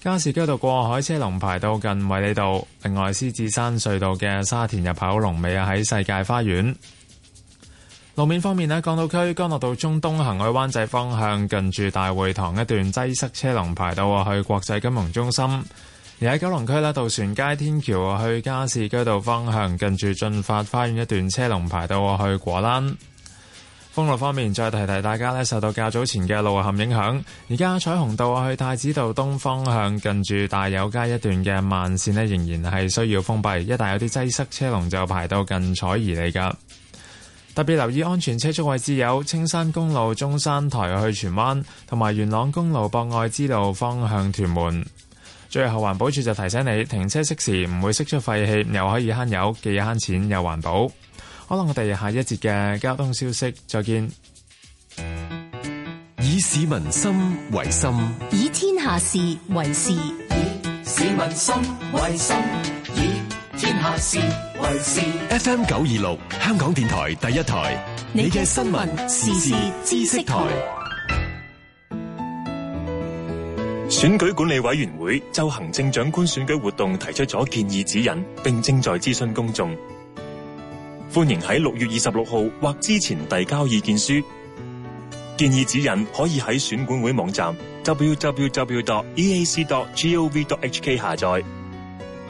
加士居道過海車龍排到近衛理道。另外，獅子山隧道嘅沙田入口，龍尾啊喺世界花園。路面方面咧，港島區干諾道中東行去灣仔方向，近住大會堂一段擠塞車龍排到我去國際金融中心。而喺九龍區咧，渡船街天橋去加士居道方向，近住駿發花園一段車龍排到我去果欄。公路方面，再提提大家咧，受到較早前嘅路陷影響，而家彩虹道去太子道東方向近住大有街一段嘅慢綫咧，仍然係需要封閉，一帶有啲擠塞車龍就排到近彩怡嚟噶。特別留意安全車速位置有青山公路中山台去荃灣，同埋元朗公路博愛之路方向屯門。最後環保署就提醒你，停車熄匙唔會釋出廢氣，又可以慳油，既慳錢又環保。可能我哋下一節嘅交通消息，再見。以市民心為心，以天下事為事，以市民心為心。天下事，為事。FM 九二六，香港電台第一台。你嘅新聞時事知識台。選舉管理委員會就行政長官選舉活動提出咗建議指引，並正在諮詢公眾。歡迎喺六月二十六號或之前遞交意見書。建議指引可以喺選管會網站 www.eac.gov.hk 下載。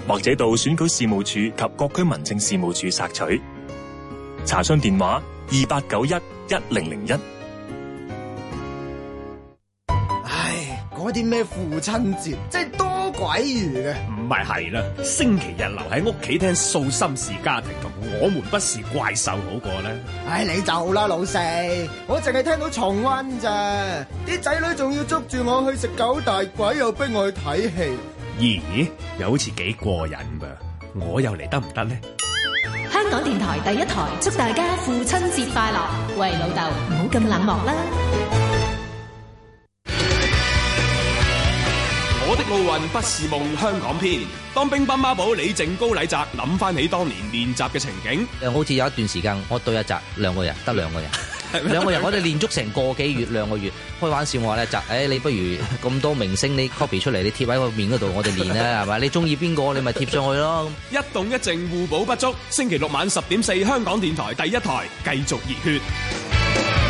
或者到選舉事務處及各區民政事務處索取。查詢電話：二八九一一零零一。唉，講啲咩父親節，即係多鬼餘嘅。唔係係啦，星期日留喺屋企聽掃心事家庭，同我們不是怪獸好過咧。唉，你就好啦，老四，我淨係聽到重溫咋，啲仔女仲要捉住我去食九大鬼，又逼我去睇戲。咦，又好似幾過癮噃！我又嚟得唔得呢？香港電台第一台祝大家父親節快樂。喂，老豆唔好咁冷漠啦！我的奧運不是夢香港篇，當乒乓孖寶李靜高禮澤諗翻起當年練習嘅情景。誒，好似有一段時間我對一集兩個人得兩個人。 兩個人 我哋練足成個幾月兩個月，開玩笑話咧，就誒你不如咁多明星你 copy 出嚟，你貼喺個面嗰度，我哋練啦係嘛？你中意邊個你咪貼上去咯。 一動一靜互補不足，星期六晚十點四香港電台第一台繼續熱血。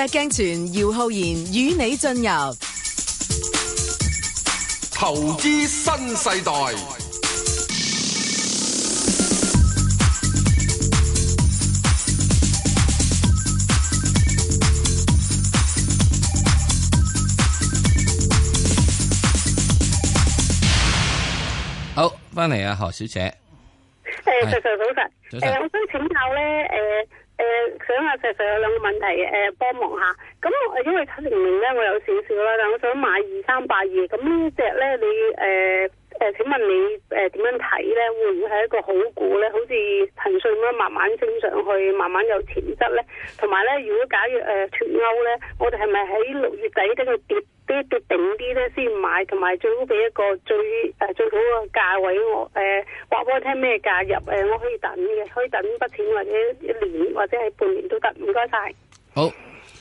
石鏡泉、姚浩然與你進入投資新世代。好、嗯，翻嚟啊，何小姐。誒，謝謝早晨。誒，我想請教咧，誒、呃。誒、呃，想啊，石 Sir 有兩個問題誒，幫、呃、忙下。咁、嗯、因為七零零咧，我有少少啦，但我想買二三八二，咁呢隻咧，你誒。呃誒、呃，請問你誒點、呃、樣睇咧？會唔會係一個好股咧？好似騰訊咁樣慢慢升上去，慢慢有潛質咧。同埋咧，如果假如誒脫歐咧，我哋係咪喺六月底等佢跌啲跌頂啲咧先買？同埋最好俾一個最誒、呃、最好嘅價位我誒話俾我聽咩價入誒、呃？我可以等嘅，可以等筆錢或者一年或者係半年都得。唔該晒。好。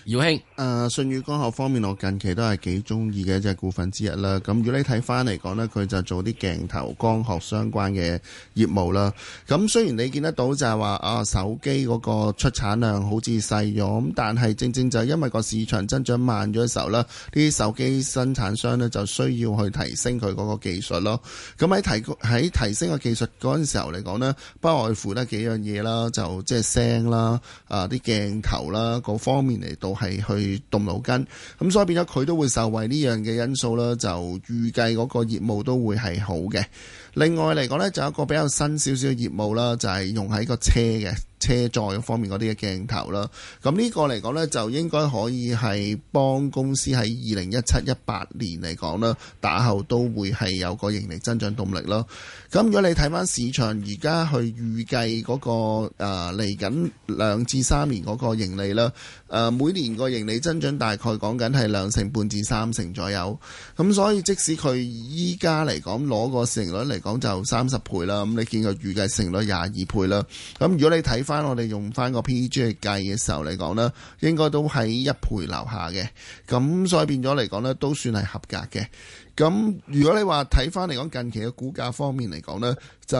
姚興，誒、啊，舜宇光學方面，我近期都係幾中意嘅一隻股份之一啦。咁如果你睇翻嚟講咧，佢就做啲鏡頭光學相關嘅業務啦。咁雖然你見得到就係話啊，手機嗰個出產量好似細咗，咁但係正正就係因為個市場增長慢咗嘅時候啦，啲手機生產商咧就需要去提升佢嗰個技術咯。咁喺提高喺提升個技術嗰陣時候嚟講咧，不外乎得幾樣嘢啦，就即係聲啦，啊，啲鏡頭啦，各方面嚟到。係去動腦筋，咁所以變咗佢都會受惠呢樣嘅因素啦，就預計嗰個業務都會係好嘅。另外嚟講呢，就有一個比較新少少嘅業務啦，就係用喺個車嘅。車載方面嗰啲嘅鏡頭啦，咁呢個嚟講呢，就應該可以係幫公司喺二零一七一八年嚟講啦，打後都會係有個盈利增長動力咯。咁如果你睇翻市場而家去預計嗰個、呃、嚟緊兩至三年嗰個盈利啦，誒、呃、每年個盈利增長大概講緊係兩成半至三成左右。咁所以即使佢依家嚟講攞個市盈率嚟講就三十倍啦，咁你見佢預計市盈率廿二倍啦。咁如果你睇翻我哋用翻個 P E G 去計嘅時候嚟講咧，應該都喺一倍樓下嘅，咁所以變咗嚟講呢，都算係合格嘅。咁如果你話睇翻嚟講近期嘅股價方面嚟講呢，就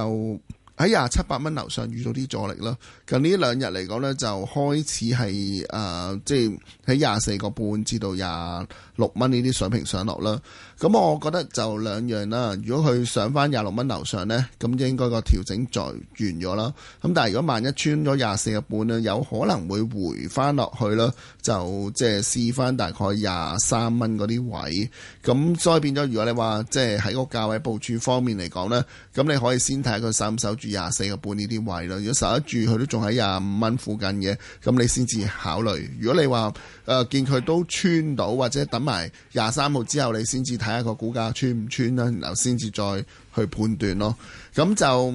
喺廿七八蚊樓上遇到啲阻力啦。近呢兩日嚟講呢，就開始係誒，即係喺廿四個半至到廿六蚊呢啲水平上落啦。咁我覺得就兩樣啦。如果佢上翻廿六蚊樓上呢，咁應該個調整再完咗啦。咁但係如果萬一穿咗廿四個半呢，有可能會回翻落去啦。就即係試翻大概廿三蚊嗰啲位。咁所以變咗，如果你話即係喺個價位部署方面嚟講呢，咁你可以先睇佢守唔守住廿四個半呢啲位咯。如果守得住，佢都仲喺廿五蚊附近嘅，咁你先至考慮。如果你話誒、呃、見佢都穿到，或者等埋廿三號之後你先至睇。睇下個股價穿唔穿啦，然後先至再去判斷咯。咁就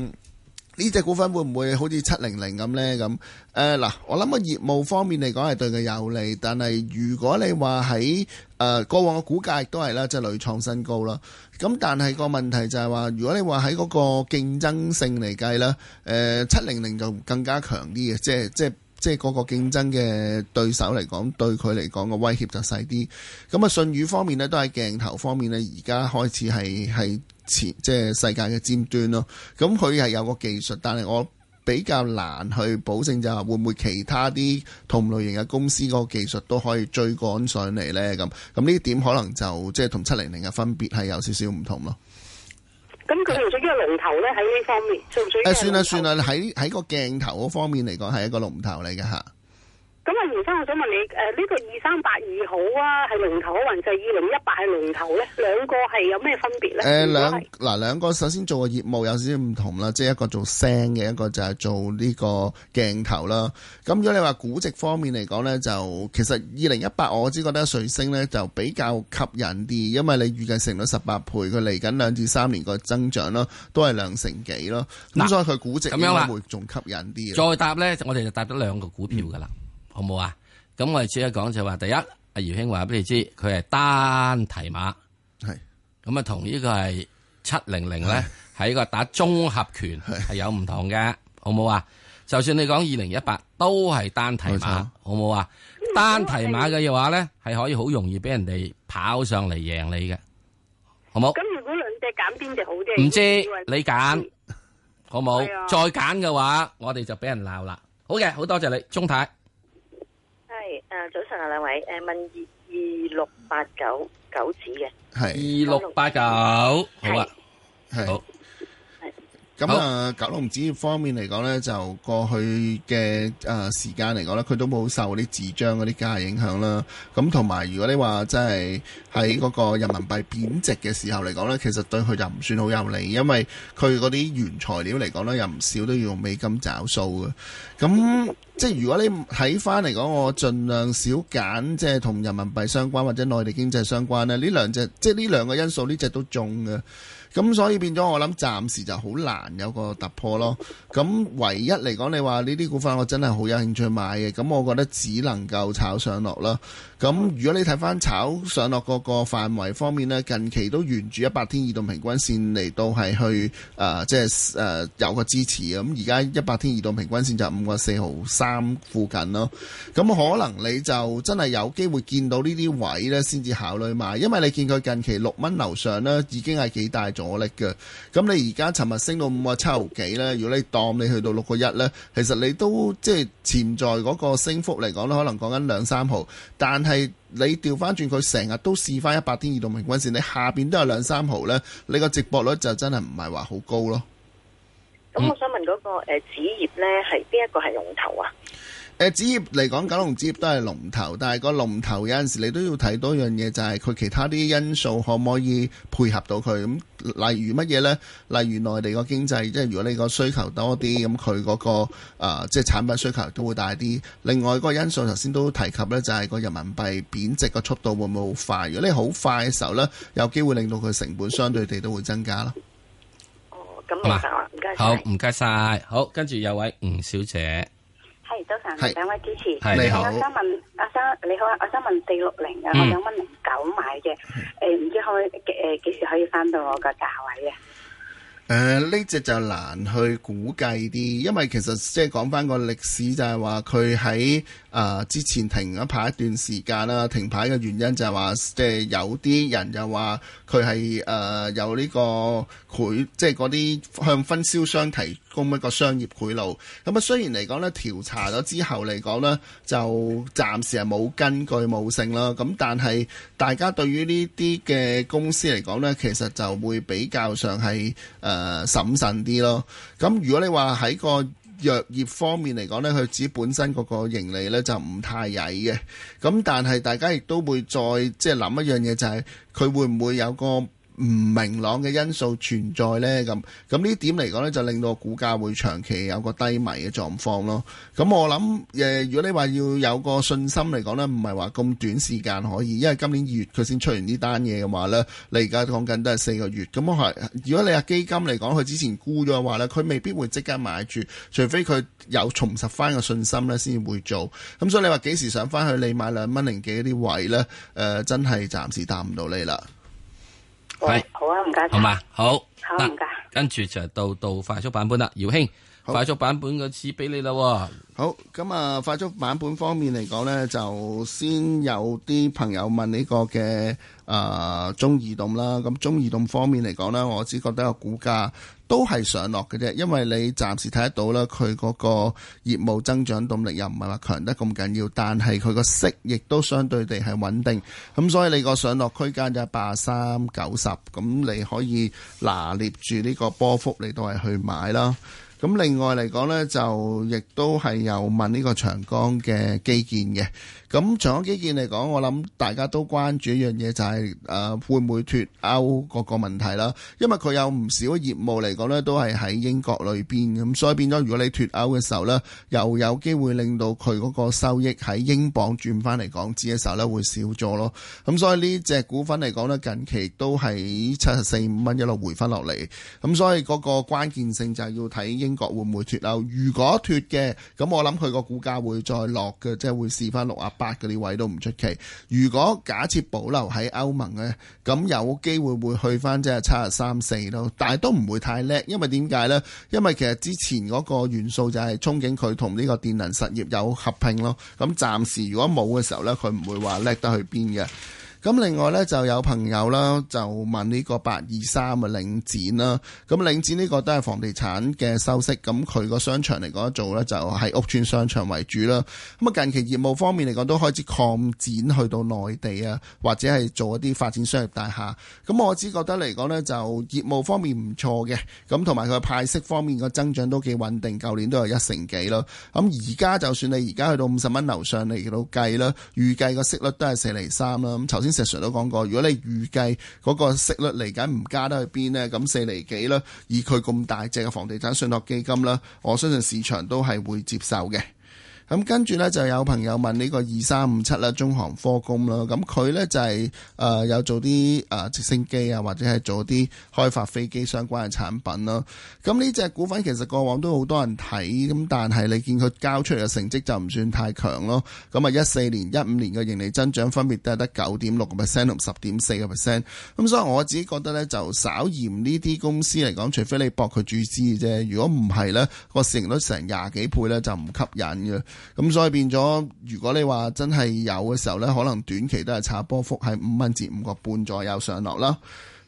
呢隻股份會唔會好似七零零咁呢？咁，誒，嗱，我諗個業務方面嚟講係對佢有利，但係如果你話喺誒過往嘅股價亦都係啦，即係屢創新高啦。咁但係個問題就係話，如果你話喺嗰個競爭性嚟計啦，誒，七零零就更加強啲嘅，即係即係。即係嗰個競爭嘅對手嚟講，對佢嚟講個威脅就細啲。咁啊，信宇方面呢，都係鏡頭方面呢，而家開始係係前即係世界嘅尖端咯。咁佢係有個技術，但係我比較難去保證，就話會唔會其他啲同類型嘅公司嗰個技術都可以追趕上嚟呢？咁咁呢點可能就即係同七零零嘅分別係有少少唔同咯。咁佢做咗一龍頭咧，喺呢方面做唔一個，誒，算啦算啦，喺喺個鏡頭嗰方面嚟講係一個龍頭嚟嘅，吓。咁啊，然生，我想問你，誒，呢個二三八二好啊，係龍頭，還是二零一八係龍頭咧？兩個係有咩分別咧？誒，兩嗱，兩個首先做嘅業務有少少唔同啦，即係一個做聲嘅，一個就係做呢個鏡頭啦。咁如果你話估值方面嚟講咧，就其實二零一八我只覺得瑞聲咧就比較吸引啲，因為你預計成率十八倍，佢嚟緊兩至三年個增長咯，都係兩成幾咯。咁、啊、所以佢估值應該會仲吸引啲。再搭咧，我哋就搭咗兩個股票噶啦。好冇啊？咁我哋即刻講就話第一，阿姚興話俾你知，佢係單提馬係咁啊，同的呢個係七零零咧，喺的個打綜合拳係的有唔同嘅，好冇啊？就算你講二零一八都係單提馬，好冇啊？的單提馬嘅話咧，係可以好容易俾人哋跑上嚟贏你嘅，好冇？咁如果兩隻揀邊隻好啲？唔知為你揀好冇？的再揀嘅話，我哋就俾人鬧啦。好嘅，好多謝你，鍾太。啊，早晨啊，兩位，誒、呃，問二二六八九九指嘅，係二六八九，二六八九，好啊，係好，係，咁啊，玖龍紙業方面嚟講咧，就過去嘅誒、uh, 時間嚟講咧，佢都冇受啲紙張嗰啲加價影響啦。咁同埋，如果你話即係喺嗰個人民幣貶值嘅時候嚟講咧，其實對佢就唔算好有利，因為佢嗰啲原材料嚟講咧，又唔少都要用美金找數嘅，咁。即係如果你睇返嚟講，我盡量少揀，即係同人民幣相關或者內地經濟相關咧，呢兩隻即係呢兩個因素，呢隻都重嘅。咁所以變咗，我諗暫時就好難有個突破咯。咁唯一嚟講，你話呢啲股份，我真係好有興趣買嘅。咁我覺得只能夠炒上落啦。咁如果你睇翻炒上落嗰個範圍方面呢，近期都沿住一百天移動平均線嚟到係去誒、呃，即係誒、呃、有個支持嘅。咁而家一百天移動平均線就五個四毫三附近咯。咁可能你就真係有機會見到呢啲位呢，先至考慮買，因為你見佢近期六蚊樓上呢，已經係幾大我力嘅，咁你而家尋日升到五個七毫幾呢，如果你當你去到六個一呢，其實你都即係潛在嗰個升幅嚟講咧，可能講緊兩三毫，但係你調翻轉佢，成日都試翻一百天移動平均線，你下邊都有兩三毫呢，你個值博率就真係唔係話好高咯。咁我想問嗰、那個誒、呃、紙業咧，係邊一個係龍頭啊？誒，紙、呃、業嚟講，九龍紙業都係龍頭，但係個龍頭有陣時你都要睇多樣嘢，就係、係、佢其他啲因素可唔可以配合到佢咁。例如乜嘢呢？例如內地個經濟，即係如果你個需求多啲，咁佢嗰個誒、呃，即係產品需求都會大啲。另外個因素，頭先都提及呢，就係個人民幣貶值個速度會唔會好快？如果你好快嘅時候呢，有機會令到佢成本相對地都會增加咯。哦，咁、啊、好唔該晒，好跟住有位吳小姐。早晨，兩位主持。你好，我想問阿生你好，我想問四六零嘅，我兩蚊零九買嘅，誒唔知可唔可以誒，幾時可以翻到我個價位啊？誒，呢隻就難去估計啲，因為其實即係講翻個歷史就係話佢喺。啊、呃！之前停一排一段時間啦，停牌嘅原因就係話，即係有啲人又話佢係誒有呢、這個賄，即係嗰啲向分銷商提供一個商業賄賂。咁啊，雖然嚟講咧調查咗之後嚟講呢，就暫時係冇根據冇性啦。咁但係大家對於呢啲嘅公司嚟講呢，其實就會比較上係誒、呃、審慎啲咯。咁如果你話喺個，藥業方面嚟講呢，佢自己本身嗰個盈利呢，就唔太曳嘅。咁但係大家亦都會再即係諗一樣嘢、就是，就係佢會唔會有個唔明朗嘅因素存在呢。咁咁呢點嚟講呢，就令到個股價會長期有個低迷嘅狀況咯。咁我諗，誒、呃，如果你話要有個信心嚟講呢，唔係話咁短時間可以，因為今年二月佢先出完呢單嘢嘅話呢，你而家講緊都係四個月。咁我係，如果你話基金嚟講，佢之前沽咗嘅話呢，佢未必會即刻買住，除非佢有重拾翻個信心呢先會做。咁所以你話幾時想翻去，你買兩蚊零幾啲位呢，誒、呃，真係暫時答唔到你啦。喂好啊，唔該。好嘛，好，好唔該。跟住啦就到到快速版本啦，姚兄，好快速版本嘅詞俾你啦。好，咁啊，快速版本方面嚟講咧，就先有啲朋友問呢個嘅啊、呃、中移動啦。咁中移動方面嚟講咧，我只覺得個股價，都係上落嘅啫，因為你暫時睇得到啦，佢嗰個業務增長動力又唔係話強得咁緊要，但係佢個息亦都相對地係穩定，咁所以你個上落區間就係八三九十，咁你可以拿捏住呢個波幅，你都係去買啦。咁另外嚟講咧，就亦都係有問呢個長江嘅基建嘅。咁長江基建嚟講，我諗大家都關注一樣嘢，就係誒會唔會脫歐嗰個問題啦。因為佢有唔少業務嚟講咧，都係喺英國裏邊咁，所以變咗如果你脫歐嘅時候咧，又有機會令到佢嗰個收益喺英鎊轉翻嚟港紙嘅時候咧，會少咗咯。咁所以呢隻股份嚟講咧，近期都係七十四五蚊一路回翻落嚟。咁所以嗰個關鍵性就係要睇英國會唔會脱歐？如果脱嘅，咁我諗佢個股價會再落嘅，即係會試翻六啊八嗰啲位都唔出奇。如果假設保留喺歐盟咧，咁有機會會去翻即係七啊三四咯，34, 但係都唔會太叻，因為點解呢？因為其實之前嗰個元素就係憧憬佢同呢個電能實業有合併咯。咁暫時如果冇嘅時候呢，佢唔會話叻得去邊嘅。咁另外呢，就有朋友啦就問呢個八二三嘅領展啦，咁領展呢個都係房地產嘅收息，咁佢個商場嚟講做咧就係屋邨商場為主啦，咁啊近期業務方面嚟講，都開始擴展去到內地啊，或者係做一啲發展商業大廈。咁我只覺得嚟講咧就業務方面唔錯嘅，咁同埋佢派息方面個增長都幾穩定，舊年都有一成幾啦。咁而家就算你而家去到五十蚊樓上嚟到計啦，預計個息率都係四厘三啦，咁頭先。石 Sir 都講過，如果你預計嗰個息率嚟緊唔加得去邊呢？咁四厘幾啦，以佢咁大隻嘅房地產信託基金啦，我相信市場都係會接受嘅。咁跟住咧就有朋友問呢個二三五七啦，中航科工啦，咁佢咧就係、是、誒、呃、有做啲誒直升機啊，或者係做啲開發飛機相關嘅產品啦。咁呢隻股份其實過往都好多人睇，咁但係你見佢交出嚟嘅成績就唔算太強咯。咁、嗯、啊，一四年、一五年嘅盈利增長分別都係得九點六個 percent 同十點四個 percent。咁、嗯、所以我自己覺得咧，就稍嫌呢啲公司嚟講，除非你博佢注資啫，如果唔係咧，個市盈率成廿幾倍咧就唔吸引嘅。咁、嗯、所以變咗，如果你話真係有嘅時候咧，可能短期都係炒波幅，喺五蚊至五個半左右上落啦。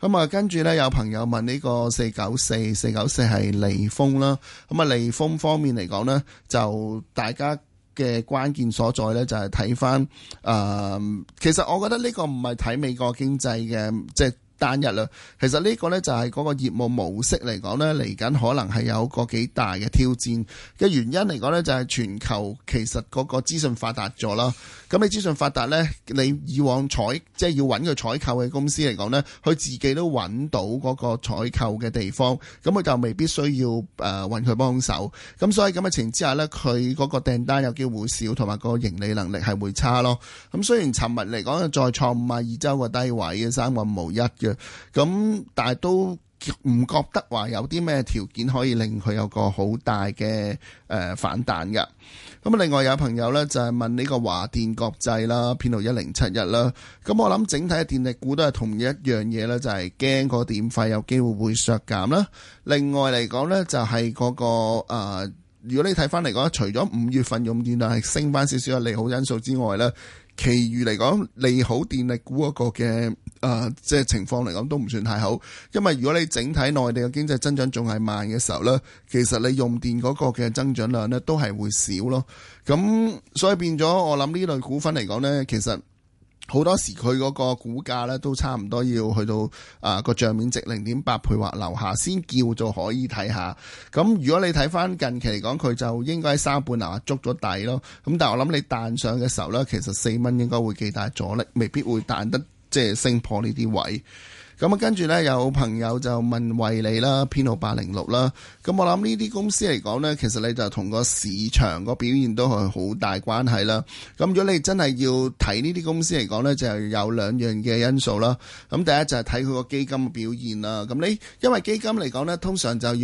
咁、嗯、啊，跟住咧有朋友問呢個四九四四九四係利豐啦。咁、嗯、啊，利豐方面嚟講咧，就大家嘅關鍵所在咧，就係睇返誒。其實我覺得呢個唔係睇美國經濟嘅，即、就、係、是。單一啦，其實呢個呢就係嗰個業務模式嚟講呢嚟緊可能係有個幾大嘅挑戰嘅原因嚟講呢就係全球其實嗰個資訊發達咗啦。咁你資訊發達呢，你以往採即係要揾個採購嘅公司嚟講呢，佢自己都揾到嗰個採購嘅地方，咁佢就未必需要誒揾佢幫手。咁所以咁嘅情形之下呢，佢嗰個訂單有機會少，同埋個盈利能力係會差咯。咁雖然尋日嚟講又再創五十二周嘅低位嘅三個無一。咁，但係都唔覺得話有啲咩條件可以令佢有個好大嘅誒、呃、反彈噶。咁另外有朋友咧就係、是、問呢個華電國際啦，編號一零七一啦。咁、嗯、我諗整體嘅電力股都係同一樣嘢啦，就係、是、驚個電費有機會會削減啦。另外嚟講咧，就係、是、嗰、那個誒、呃，如果你睇翻嚟講，除咗五月份用電量係升翻少少嘅利好因素之外咧，其餘嚟講利好電力股嗰個嘅。誒、呃，即係情況嚟講都唔算太好，因為如果你整體內地嘅經濟增長仲係慢嘅時候呢，其實你用電嗰個嘅增長量呢都係會少咯。咁所以變咗，我諗呢類股份嚟講呢，其實好多時佢嗰個股價呢都差唔多要去到誒個、呃、帳面值零點八倍或樓下先叫做可以睇下。咁如果你睇翻近期嚟講，佢就應該三半樓下捉咗底咯。咁但係我諗你彈上嘅時候呢，其實四蚊應該會幾大阻力，未必會彈得。即係升破呢啲位。咁啊，跟住咧有朋友就問惠理啦，編號八零六啦。咁我諗呢啲公司嚟講咧，其實你就同個市場個表現都係好大關係啦。咁如果你真係要睇呢啲公司嚟講咧，就有兩樣嘅因素啦。咁第一就係睇佢個基金表現啦。咁你因為基金嚟講咧，通常就要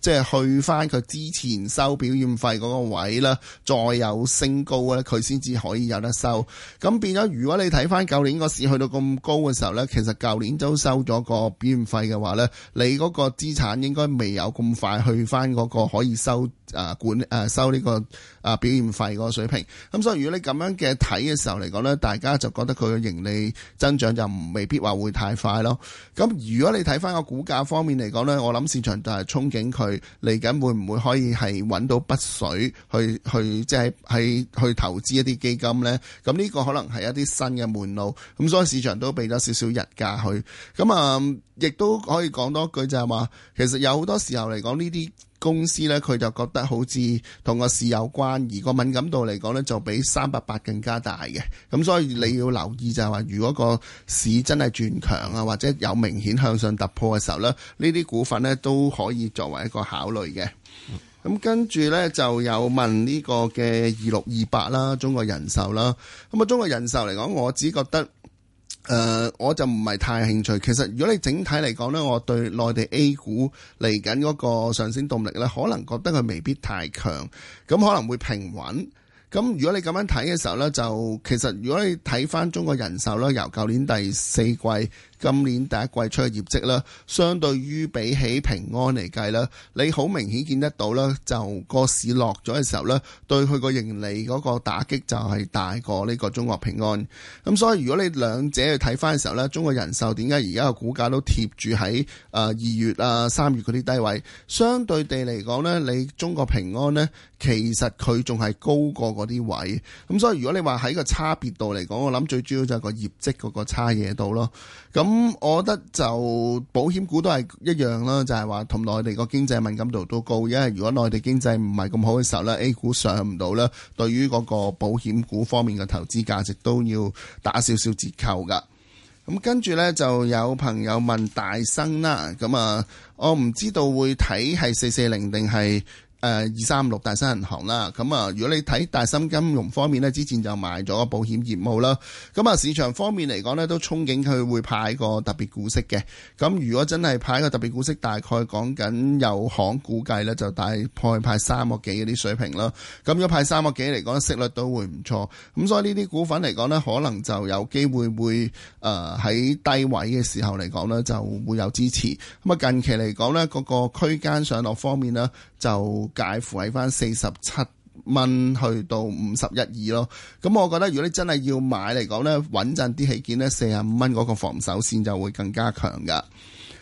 即係去翻佢之前收表現費嗰個位啦，再有升高咧，佢先至可以有得收。咁變咗，如果你睇翻舊年個市去到咁高嘅時候咧，其實舊年都收收。收咗個表現費嘅話咧，你嗰個資產應該未有咁快去翻嗰個可以收。啊管啊收呢，這個啊表現費嗰個水平，咁、嗯、所以如果你咁樣嘅睇嘅時候嚟講呢，大家就覺得佢嘅盈利增長就未必話會太快咯。咁、嗯、如果你睇翻個股價方面嚟講呢，我諗市場就係憧憬佢嚟緊會唔會可以係揾到筆水去去，去即係去，去，去投資一啲基金呢？咁、嗯、呢、這個可能係一啲新嘅門路。咁、嗯、所以市場都俾咗少少日價去。咁、嗯、啊，亦、嗯、都可以講多句就係話，其實有好多時候嚟講呢啲。公司呢，佢就覺得好似同個市有關，而個敏感度嚟講呢就比三百八更加大嘅。咁所以你要留意就係話，如果個市真係轉強啊，或者有明顯向上突破嘅時候呢，呢啲股份呢都可以作為一個考慮嘅。咁、嗯、跟住呢，就有問呢個嘅二六二八啦，中國人壽啦。咁啊，中國人壽嚟講，我只覺得。誒、呃，我就唔係太興趣。其實，如果你整體嚟講呢，我對內地 A 股嚟緊嗰個上升動力呢，可能覺得佢未必太強，咁可能會平穩。咁如果你咁樣睇嘅時候呢，就其實如果你睇翻中國人壽呢，由舊年第四季，今年第一季出嘅業績啦，相對於比起平安嚟計啦，你好明顯見得到啦，就個市落咗嘅時候咧，對佢個盈利嗰個打擊就係大過呢個中國平安。咁、嗯、所以如果你兩者去睇翻嘅時候咧，中國人壽點解而家個股價都貼住喺誒二月啊、三月嗰啲低位？相對地嚟講咧，你中國平安咧，其實佢仲係高過嗰啲位。咁、嗯、所以如果你話喺個差別度嚟講，我諗最主要就係個業績嗰個差異度咯。咁咁、嗯，我覺得就保險股都係一樣啦，就係話同內地個經濟敏感度都高，因為如果內地經濟唔係咁好嘅時候呢 A 股上唔到呢，對於嗰個保險股方面嘅投資價值都要打少少折扣噶。咁、嗯、跟住呢，就有朋友問大生啦，咁、嗯、啊、嗯，我唔知道會睇係四四零定係，誒二三五六大新銀行啦，咁啊，如果你睇大新金融方面呢，之前就賣咗保險業務啦。咁啊，市場方面嚟講呢，都憧憬佢會派個特別股息嘅。咁如果真係派個特別股息，大概講緊有行估計呢，就大概派三個幾嗰啲水平啦。咁如果派三個幾嚟講，息率都會唔錯。咁所以呢啲股份嚟講呢，可能就有機會會誒喺低位嘅時候嚟講呢，就會有支持。咁啊，近期嚟講呢，嗰個區間上落方面呢，就介乎喺返四十七蚊去到五十一二咯，咁我覺得如果你真係要買嚟講呢，穩陣啲起見呢，四十五蚊嗰個防守線就會更加強㗎。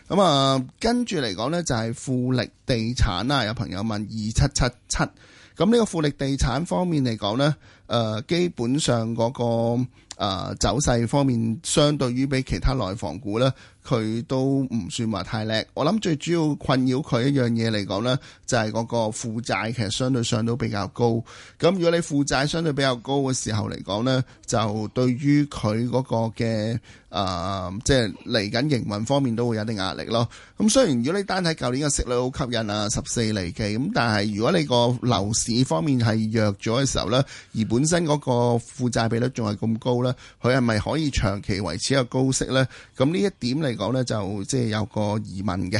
咁啊，跟住嚟講呢，就係、是、富力地產啦，有朋友問二七七七，咁呢個富力地產方面嚟講呢，誒、呃、基本上嗰、那個、呃、走勢方面，相對於比其他內房股呢。佢都唔算話太叻，我諗最主要困擾佢一樣嘢嚟講咧，就係、是、嗰個負債其實相對上都比較高。咁如果你負債相對比較高嘅時候嚟講咧，就對於佢嗰個嘅誒、呃、即係嚟緊營運方面都會有啲壓力咯。咁雖然如果你單睇舊年嘅息率好吸引啊，十四厘幾，咁但係如果你個樓市方面係弱咗嘅時候咧，而本身嗰個負債比率仲係咁高咧，佢係咪可以長期維持一個高息咧？咁呢一點咧？嚟講咧，就即係有個疑問嘅。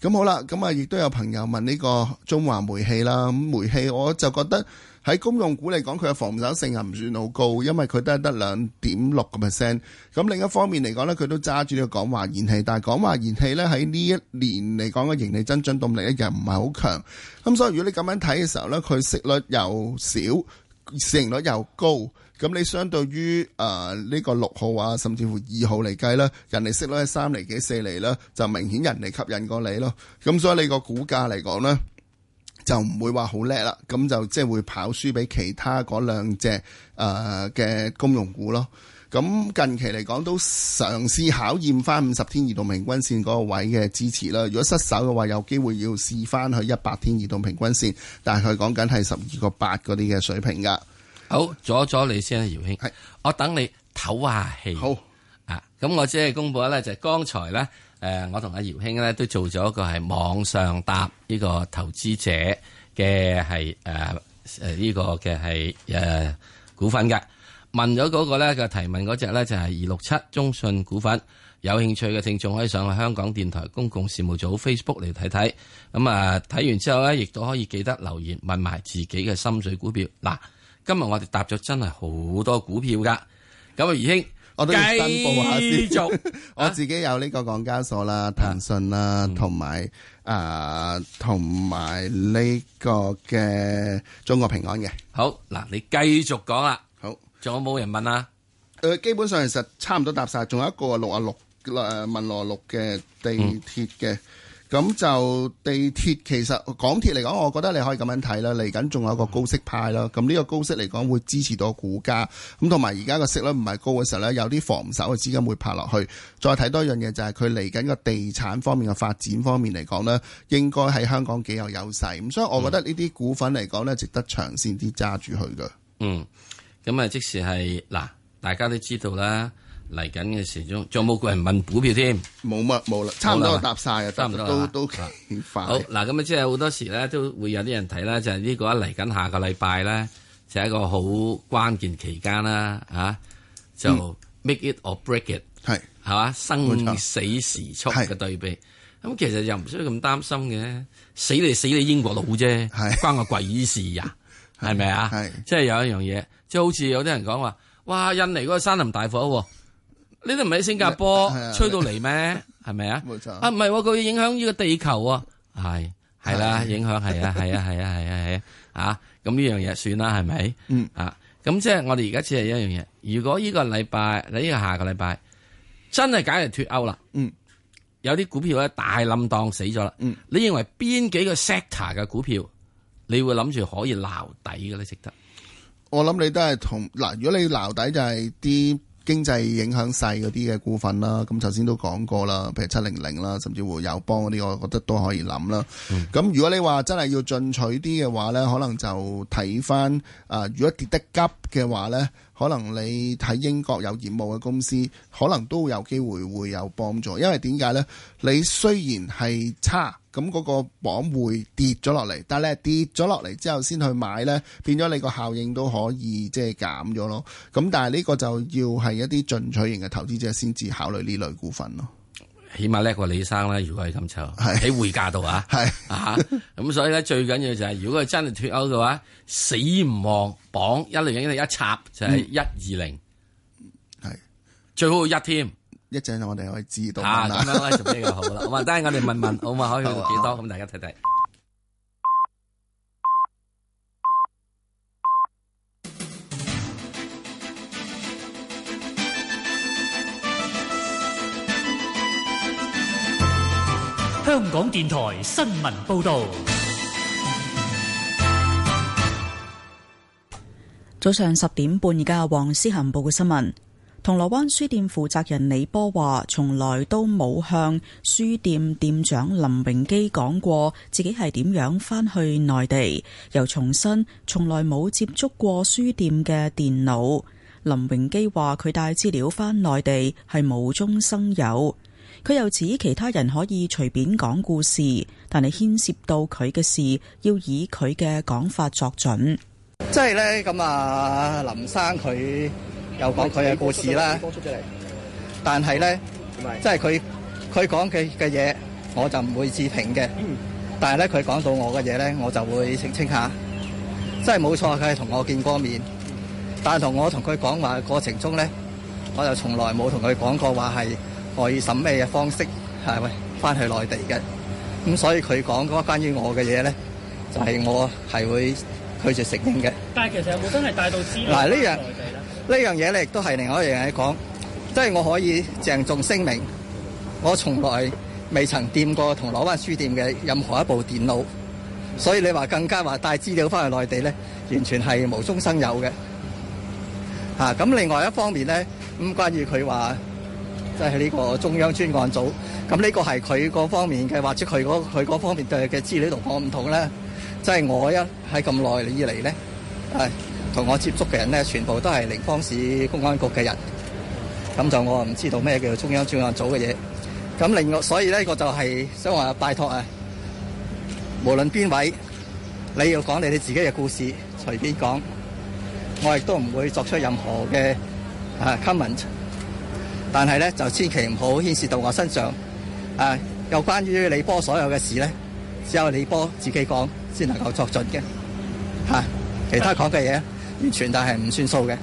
咁好啦，咁啊亦都有朋友問呢個中華煤氣啦，咁煤氣我就覺得喺公用股嚟講，佢嘅防守性係唔算好高，因為佢都係得兩點六個 percent。咁另一方面嚟講咧，佢都揸住呢個港華燃氣，但係港華燃氣咧，喺呢一年嚟講嘅盈利增長動力一樣又唔係好強。咁所以如果你咁樣睇嘅時候咧，佢息率又少，市盈率又高。咁你相對於誒呢個六號啊，甚至乎二號嚟計啦，人哋息率係三厘幾四厘啦，就明顯人哋吸引過你咯。咁所以你個股價嚟講咧，就唔會話好叻啦。咁就即係會跑輸俾其他嗰兩隻嘅公用股咯。咁近期嚟講都嘗試考驗翻五十天移動平均線嗰個位嘅支持啦。如果失手嘅話，有機會要試翻去一百天移動平均線，但係佢講緊係十二個八嗰啲嘅水平噶。好，阻阻你先，姚兄。係是我等你唞下氣。好啊，咁我即係公布咧，就係、是、剛才咧誒、呃，我同阿姚兄咧都做咗一個係網上答呢個投資者嘅係誒誒呢個嘅係誒股份嘅問咗嗰、那個咧嘅提問嗰隻咧就係二六七中信股份。有興趣嘅聽眾可以上去香港電台公共事務組 Facebook 嚟睇睇。咁、嗯、啊，睇完之後咧，亦都可以記得留言問埋自己嘅心水股票嗱。今日我哋搭咗真係好多股票噶。咁啊，余兄，我都要申報下先。繼續，我自己有呢個港交所啦，騰訊啦，同埋啊，同埋呢個嘅中國平安嘅。好嗱，你繼續講啦。好，仲有冇人問啊？誒、呃，基本上其實差唔多搭晒，仲有一個六啊六誒問羅六嘅地鐵嘅。嗯咁就地鐵其實港鐵嚟講，我覺得你可以咁樣睇啦。嚟緊仲有一個高息派啦，咁呢、嗯、個高息嚟講會支持到股價。咁同埋而家個息率唔係高嘅時候呢，有啲防守嘅資金會拍落去。再睇多一樣嘢就係佢嚟緊個地產方面嘅發展方面嚟講呢，應該喺香港幾有優勢。咁所以，我覺得呢啲股份嚟講呢值得長線啲揸住佢嘅。嗯，咁啊，即是係嗱，大家都知道啦。嚟緊嘅時鐘，仲冇個人問股票添，冇乜冇啦，差唔多答晒啦，差唔多，差唔多都都快。好嗱，咁、嗯、啊，即係好多時咧，都會有啲人睇啦，就係、是、呢、這個一嚟緊下個禮拜咧、啊，就一個好關鍵期間啦，吓就、嗯、make it or break it，係係嘛，生死時速嘅對比。咁錯其實又唔需要咁擔心嘅，死你死你英國佬啫，是關我鬼事呀，係咪啊？係即係有一樣嘢，即係好似有啲人講話，哇，印尼嗰個山林大火。呢啲唔係喺新加坡吹到嚟咩？係咪啊？冇錯，啊唔係，佢會影響呢個地球啊！係係啦，影響係啊，係啊，係啊，係啊，啊咁呢樣嘢算啦，係咪？嗯啊，咁即係我哋而家只係一樣嘢。如果呢個禮拜，呢個下個禮拜真係假如脫歐啦，嗯，有啲股票咧大冧檔死咗啦，嗯，你認為邊幾個 sector 嘅股票你會諗住可以撈底嘅咧？值得？我諗你都係同嗱，如果你撈底就係啲。經濟影響細嗰啲嘅股份啦，咁頭先都講過啦，譬如七零零啦，甚至乎友邦嗰啲，我覺得都可以諗啦。咁、嗯、如果你話真係要進取啲嘅話呢，可能就睇翻啊。如果跌得急嘅話呢，可能你睇英國有業務嘅公司，可能都有機會會有幫助。因為點解呢？你雖然係差。咁嗰個榜會跌咗落嚟，但係你跌咗落嚟之後先去買咧，變咗你個效應都可以即係減咗咯。咁但係呢個就要係一啲進取型嘅投資者先至考慮呢類股份咯。起碼叻過李生啦，如果係咁抽喺匯價度啊，係是啊。咁所以咧最緊要就係如果係真係脫歐嘅話，死唔忘榜一零一插就係一二零，係 20, 是最好一添。一陣我哋可以知道啦，咁樣咧就比較好啦。咁啊，等係我哋問問，好嘛，可以幾多？咁大家睇睇。香港電台新聞報道，早上十點半，而家黃思恆報嘅新聞。銅鑼灣書店負責人李波話：從來都冇向書店店長林榮基講過自己係點樣返去內地。又重申從來冇接觸過書店嘅電腦。林榮基話：佢帶資料返內地係無中生有。佢又指其他人可以隨便講故事，但係牽涉到佢嘅事要以佢嘅講法作準。即係呢，咁啊，林生佢。又講佢嘅故事啦，嗯、但係咧，是即係佢佢講嘅嘅嘢，我就唔會置評嘅。嗯、但係咧，佢講到我嘅嘢咧，我就會澄清下。即係冇錯，佢係同我見過面，但係同我同佢講話嘅過程中咧，我就從來冇同佢講過話係我要審咩嘅方式係喂翻去內地嘅。咁、嗯、所以佢講嗰個關於我嘅嘢咧，就係、是、我係會拒絕承認嘅。但係其實有冇真係帶到資料，這個。嗱呢樣。呢樣嘢咧，亦都係另外一樣嘢講，即係我可以鄭重聲明，我從來未曾掂過銅鑼灣書店嘅任何一部電腦，所以你話更加話帶資料翻去內地咧，完全係無中生有嘅。嚇！咁另外一方面咧，咁關於佢話即係呢個中央專案組，咁呢個係佢嗰方面嘅，或者佢嗰佢嗰方面對嘅資料同我唔同咧，即係我一喺咁耐以嚟咧。係同、啊、我接觸嘅人咧，全部都係寧波市公安局嘅人。咁就我唔知道咩叫中央專案組嘅嘢。咁另外，所以呢，我就係想話拜託啊，無論邊位，你要講你哋自己嘅故事，隨便講。我亦都唔會作出任何嘅啊 comment。但係咧，就千祈唔好牽涉到我身上。啊，有關於李波所有嘅事咧，只有李波自己講先能夠作準嘅吓。啊其他講嘅嘢完全，但係唔算數嘅。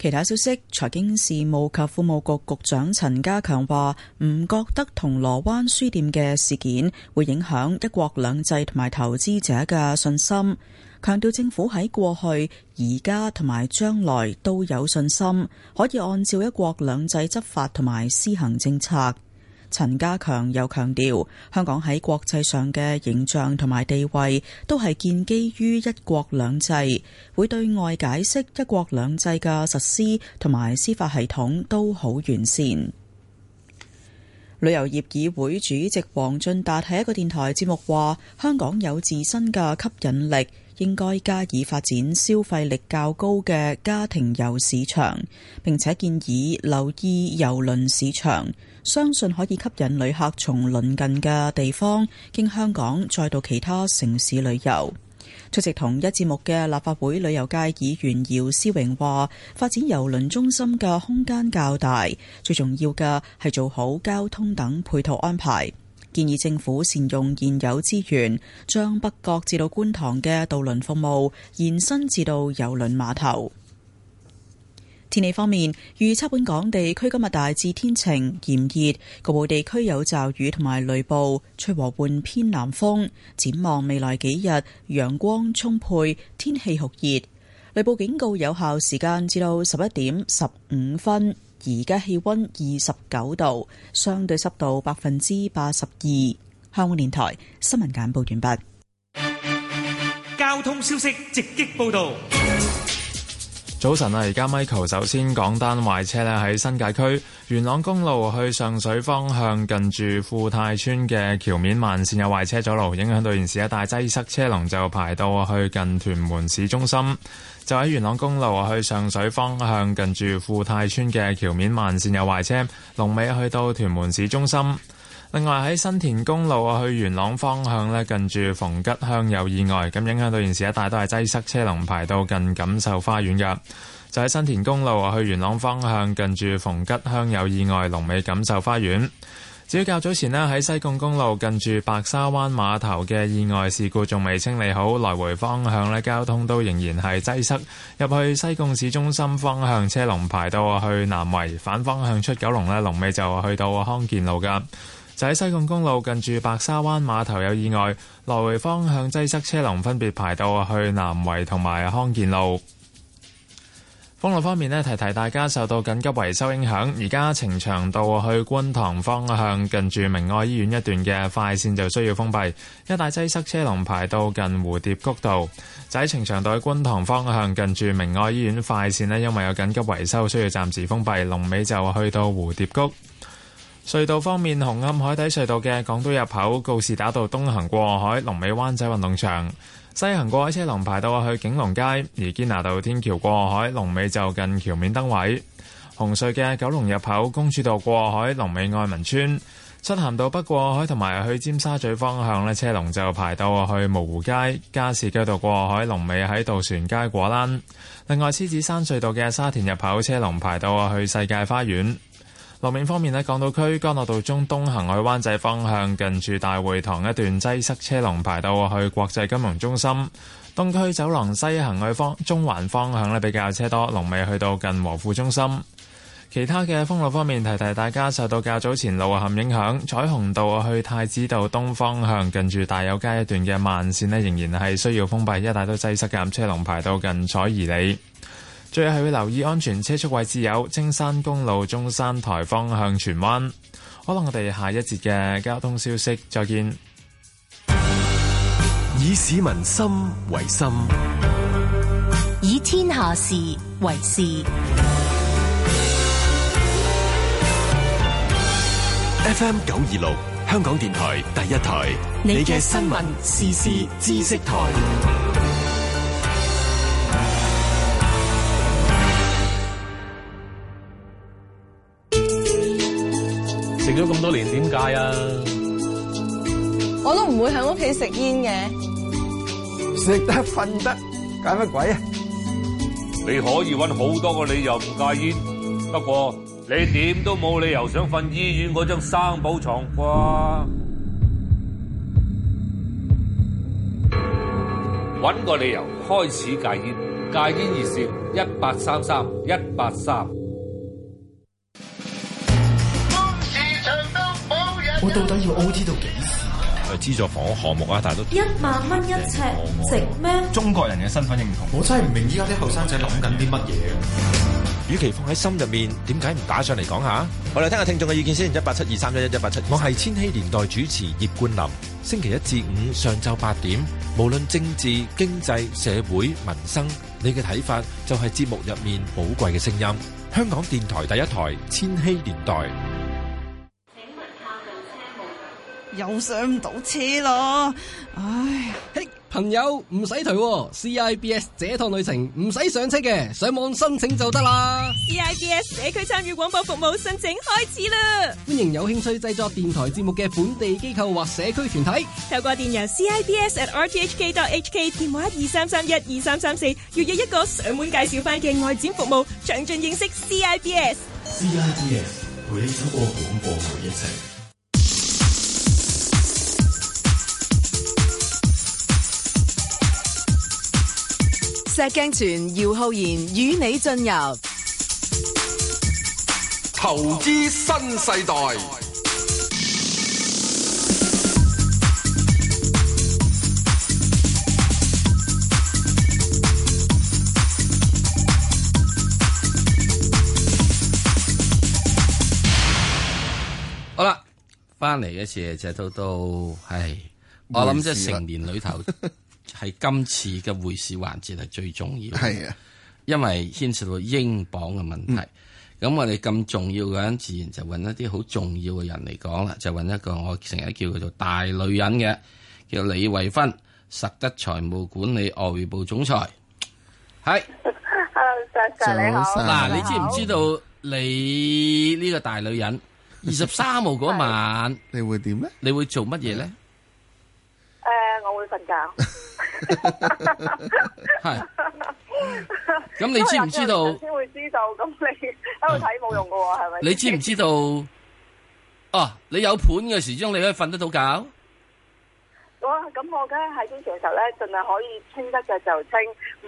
其他消息，財經事務及庫務局局長陳家強話，唔覺得銅鑼灣書店嘅事件會影響一國兩制同埋投資者嘅信心。強調政府喺過去、而家同埋將來都有信心，可以按照一國兩制執法同埋施行政策。陳家強又強調，香港喺國際上嘅形象同埋地位，都係建基於一國兩制，會對外解釋一國兩制嘅實施同埋司法系統都好完善。旅遊業議會主席王俊達喺一個電台節目話，香港有自身嘅吸引力，應該加以發展消費力較高嘅家庭遊市場，並且建議留意郵輪市場。相信可以吸引旅客從鄰近嘅地方經香港再到其他城市旅遊。出席同一節目嘅立法會旅遊界議員姚思榮話，發展郵輪中心嘅空間較大，最重要嘅係做好交通等配套安排。建議政府善用現有資源，將北角至到觀塘嘅渡輪服務延伸至到郵輪碼頭。天氣方面，預測本港地區今日大致天晴炎熱，局部地區有驟雨同埋雷暴，吹和緩偏南風。展望未來幾日，陽光充沛，天氣酷熱。雷暴警告有效時間至到十一點十五分。而家氣温二十九度，相對濕度百分之八十二。香港電台新聞簡報完畢。交通消息直擊報道。早晨啊！而家 Michael 首先講單壞車咧，喺新界區元朗公路去上水方向，近住富泰村嘅橋面慢線有壞車阻路，影響到現時一帶擠塞車龍就排到去近屯門市中心。就喺元朗公路去上水方向，近住富泰村嘅橋面慢線有壞車，龍尾去到屯門市中心。另外喺新田公路啊，去元朗方向咧，近住逢吉鄉有意外，咁影響到現時一帶都係擠塞，車龍排到近錦繡花園噶。就喺新田公路啊，去元朗方向，近住逢吉鄉有意外，龍尾錦繡花園。至於較早前咧，喺西貢公路近住白沙灣碼頭嘅意外事故，仲未清理好，來回方向咧交通都仍然係擠塞。入去西貢市中心方向，車龍排到去南圍；反方向出九龍咧，龍尾就去到康健路噶。就喺西貢公路近住白沙灣碼頭有意外，來回方向擠塞車龍，分別排到去南圍同埋康健路。封路方面呢，提提大家受到緊急維修影響，而家呈祥道去觀塘方向近住明愛醫院一段嘅快線就需要封閉，一帶擠塞車龍排到近蝴蝶谷道。就喺呈祥道去觀塘方向近住明愛醫院快線呢，因為有緊急維修，需要暫時封閉，龍尾就去到蝴蝶谷。隧道方面，紅磡海底隧道嘅港島入口告士打道東行過海，龍尾灣仔運動場；西行過海車龍排到去景隆街。而堅拿道天橋過海龍尾就近橋面燈位。紅隧嘅九龍入口公主道過海龍尾愛民村；出行道北過海同埋去尖沙咀方向咧，車龍就排到去蕪湖街。加士居道過海龍尾喺渡船街果欄。另外，獅子山隧道嘅沙田入口車龍排到去世界花園。路面方面呢港島區干諾道中東行去灣仔方向，近住大會堂一段擠塞車龍排到去國際金融中心。東區走廊西行去方中環方向呢比較車多，龍尾去到近和富中心。其他嘅封路方面，提提大家，受到較早前路陷影響，彩虹道去太子道東方向近住大有街一段嘅慢線呢，仍然係需要封閉，一大堆擠塞嘅車龍排到近彩頤里。最後係會留意安全車速位置，有青山公路中山台方向荃灣。可能我哋下一節嘅交通消息再見。以市民心為心，以天下事為事。FM 九二六香港電台第一台，你嘅新聞時事知識台。咗咁多年，點戒啊？我都唔會喺屋企食煙嘅，食得瞓得，解乜鬼？啊？你可以揾好多個理由唔戒煙，不過你點都冇理由想瞓醫院嗰張生寶床啩？揾個理由開始戒煙，戒煙熱線一八三三一八三。我到底要 O T 到幾時？去資助房屋項目啊！但係都一萬蚊一尺值咩？中國人嘅身份認同，我真係唔明依家啲後生仔諗緊啲乜嘢？與其放喺心入面，點解唔打上嚟講下？我哋聽下聽眾嘅意見先，一八七二三一一一八七，我係千禧年代主持葉冠霖。星期一至五上晝八點，無論政治、經濟、社會、民生，你嘅睇法就係節目入面寶貴嘅聲音。香港電台第一台千禧年代。又上唔到車咯，唉！嘿，朋友唔使退，C I B S 這趟旅程唔使上車嘅，上網申請就得啦。C I B S 社區參與廣播服務申請開始啦！歡迎有興趣製作電台節目嘅本地機構或社區團體，透過電郵 C I B S at r t h k dot h k，電話二三三一二三三四，預約一個上門介紹翻嘅外展服務，詳盡認識 C I B S。C I B S 陪你走過廣播每一程。石鏡泉、姚浩然與你進入投資新世代。 好啦，翻嚟嘅時候就到到，唉，我諗即係成年裏頭。 係今次嘅匯市環節係最重要，係啊，因為牽涉到英鎊嘅問題。咁、嗯、我哋咁重要嘅人，自然就揾一啲好重要嘅人嚟講啦，就揾一個我成日叫佢做大女人嘅，叫李慧芬，實德財務管理外匯部總裁。係 hello 嗱，你知唔知道你呢個大女人二十三號嗰晚的你會點咧？你會做乜嘢咧？誒， uh, 我會瞓覺。 係，咁你知唔知道？先會 知，知道，咁你喺度睇冇用噶喎，係咪？你知唔知道？哦，你有盤嘅時鐘，你可以瞓得到覺。哦、我咁我今喺邊上嘅時候咧，盡量可以清得嘅時候清，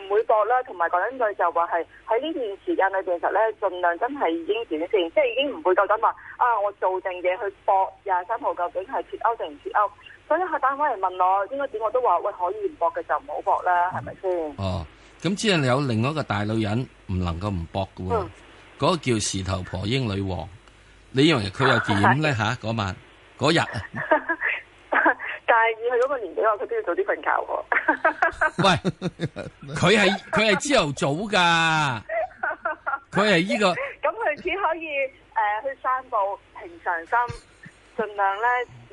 唔會搏啦。同埋講緊句就話係喺呢段時間裏邊實咧，盡量真係已經短線，即係已經唔會覺得話啊，我做定嘢去搏廿三號究竟係脫歐定唔脫歐。拼拼拼拼拼拼拼拼所以佢打電話嚟問我應該點？我都話喂，可以唔搏嘅就唔好搏啦，係咪先？哦，咁只係有另外一個大女人唔能夠唔搏嘅喎，嗰、嗯、個叫時頭婆英女王。你認為佢又點咧吓？嗰、啊啊、晚嗰日，但係以佢嗰個年紀話，佢都要早啲瞓覺、啊。 喂，佢係佢係朝頭早噶，佢係呢個。咁佢、 嗯、只可以誒、呃、去散步，平常心，盡量咧。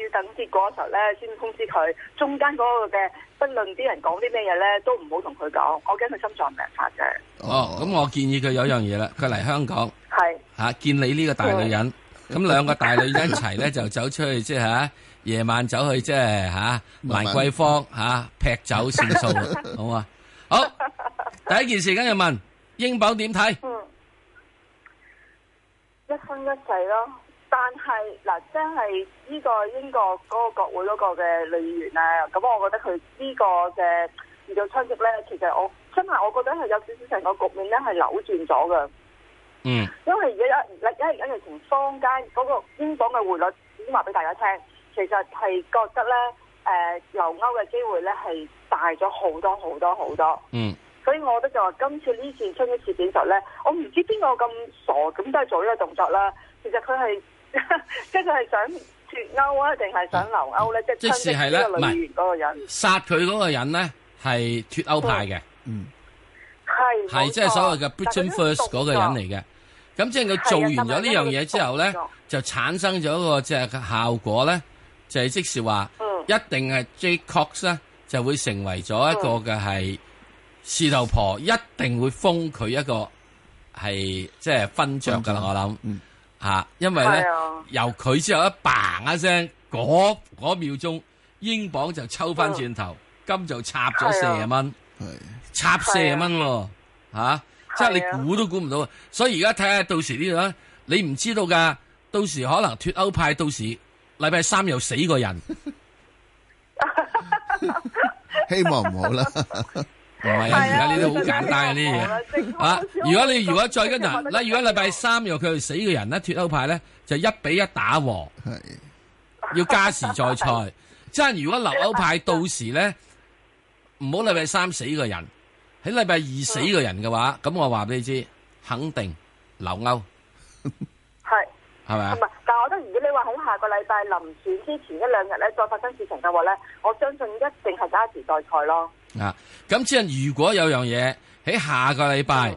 要等結果嗰時候咧，先通知佢。中間嗰個嘅，不論啲人講啲咩嘢咧，都唔好同佢講。我驚佢心臟病發嘅。哦，咁我建議佢有一樣嘢啦，佢嚟香港，係吓見你呢個大女人，咁兩個大女人一齊咧，就走出去，即係吓夜晚走去，即係吓蘭桂坊吓劈酒算數，好唔好啊？好，第一件事跟住問，英鎊點睇？一生一世咯。但係嗱，真係呢個英國嗰個國會嗰個嘅女議員啊，咁我覺得佢呢個嘅預造衝擊咧，其實我真係我覺得係有少少成個局面咧係扭轉咗嘅。嗯。因為而家一、而家而家又從坊間嗰個英鎊嘅匯率已經話俾大家聽，其實係覺得咧，誒、呃、留歐嘅機會咧係大咗好多好多好多，多。嗯。所以我覺得就話今次，次春春呢次出呢次事件咧，我唔知邊個咁傻咁都係做呢個動作啦。其實佢係。即係想脫歐啊，定係想留歐咧？即係即係，係咧唔殺佢嗰個人咧，係脫歐派嘅，嗯，係係即係所謂嘅 Britain First 嗰個人嚟嘅。咁即係佢做完咗呢樣嘢之後咧，就產生咗一個即係效果咧，就係即時話，一定係 J Cox 咧就會成為咗一個嘅係士頭婆，一定會封佢一個係即係勳章噶啦，我諗。吓，因為咧、啊、由佢之後一嘭一聲，嗰秒鐘英鎊就抽翻轉頭，嗯、金就插咗四十蚊，啊、插四十蚊喎，吓，即係你估都估唔到，所以而家睇下到時呢、這、度個，你唔知道噶，到時可能脫歐派到時禮拜三又死個人， 希望唔好啦。 唔係啊！而家呢啲好簡單嘅啲嘢啊！如果你如果再跟嗱，嗱如果禮拜三又去死個人咧，脫歐派咧就一比一打和， 要加時再賽。即係 如果留歐派到時咧，唔好禮拜三死個人，喺禮拜二死個人嘅話，咁 我話俾你知，肯定留歐。 係咪啊？係，但係我覺得，如果你話喺下個禮拜臨選之前一兩日咧，再發生事情嘅話咧，我相信一定係加時代賽咯。啊，咁即係如果有樣嘢喺下個禮拜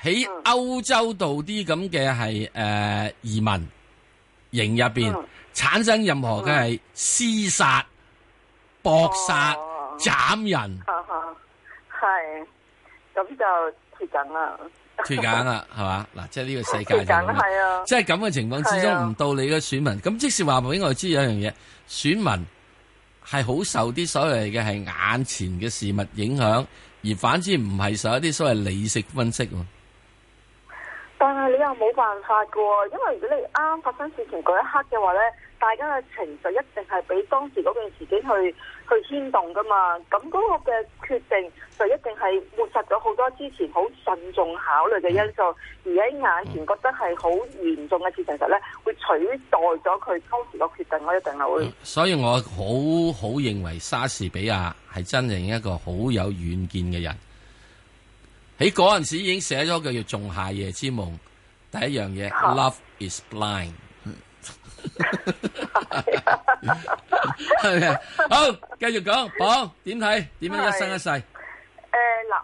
喺歐洲度啲咁嘅係誒移民營入邊產生任何嘅係廝殺、搏殺、嗯、斬、啊、人，係咁、啊啊啊、 就跌緊啦。脫歐啦，係嘛？嗱，即係呢個世界咁、啊、即係咁嘅情況、啊、始終，唔到你嘅選民。咁即使話俾我知有一樣嘢，選民係好受啲所謂嘅係眼前嘅事物影響，而反之唔係受一啲所謂理性分析。但係你又冇辦法噶，因為如果你啱發生事情嗰一刻嘅話咧，大家嘅情緒一定係俾當時嗰件事件去去牽動噶嘛？咁嗰個嘅決定就一定係抹殺咗好多之前好慎重考慮嘅因素，而喺眼前覺得係好嚴重嘅事情，其實咧會取代咗佢當時個決定，我一定係會、嗯。所以我好好認為莎士比亞係真正一個好有遠見嘅人，喺嗰陣時已經寫咗句叫做《仲夏夜之夢》，第一樣嘢、啊、Love is blind。 okay. 好，繼續講，好點睇？點樣一生一世？誒，嗱、 呃，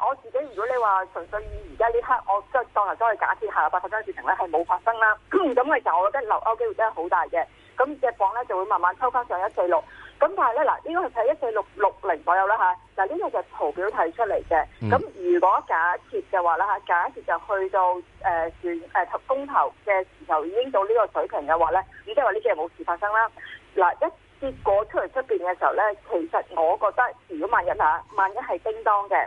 我自己如果你話純粹以而家呢刻，我即係當頭都係假設，下日八十張事情咧係冇發生啦，咁嘅時候，我覺得留歐機會真係好大嘅，咁隻房咧就會慢慢抽翻上一記錄。咁但係咧，嗱，呢個係睇一四六六零左右啦嚇。嗱、啊，呢、這個就圖表睇出嚟嘅。咁、mm. 如果假設嘅話咧嚇，假設就去到誒全誒頭公投嘅時候已經到呢個水平嘅話咧，即係話呢次係冇事發生啦。嗱、啊，一結果出嚟出邊嘅時候咧，其實我覺得，如果萬一嚇、啊，萬一係叮當嘅，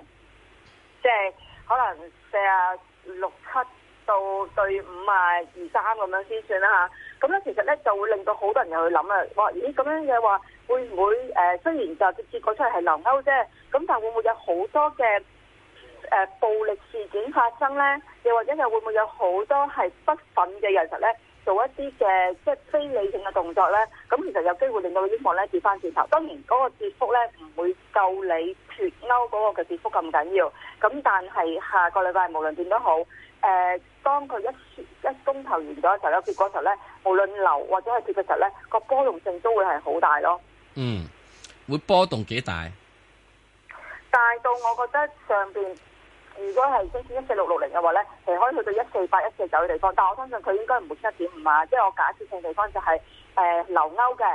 即、就、係、是、可能四啊六七到對五啊二三咁樣先算啦嚇。咁咧，其實咧就會令到好多人又去諗啊！哇，咦咁樣嘅話，會唔會誒雖然就直接講出嚟係留歐啫，咁但會唔會有好多嘅誒暴力事件發生咧？又或者又會唔會有好多係不憤嘅人實咧？做一啲嘅即係非理性嘅動作呢，咁其實有機會令到個英鎊呢跌翻轉頭。當然嗰個跌幅呢唔會夠你脫歐嗰個嘅跌幅咁緊要，咁但係下個禮拜無論點都好，誒、呃、當佢一一公投完咗嘅時候，有結果時候呢，無論流或者係跌嘅時候呢個波動性都會係好大咯。嗯，會波動幾大？大到我覺得上邊。如果係升至一四六六零嘅話咧，其實可以去到一四八一四九嘅地方，但係我相信佢應該唔會七點五啊，即係我假設性地方就係、是、誒、呃、留歐嘅，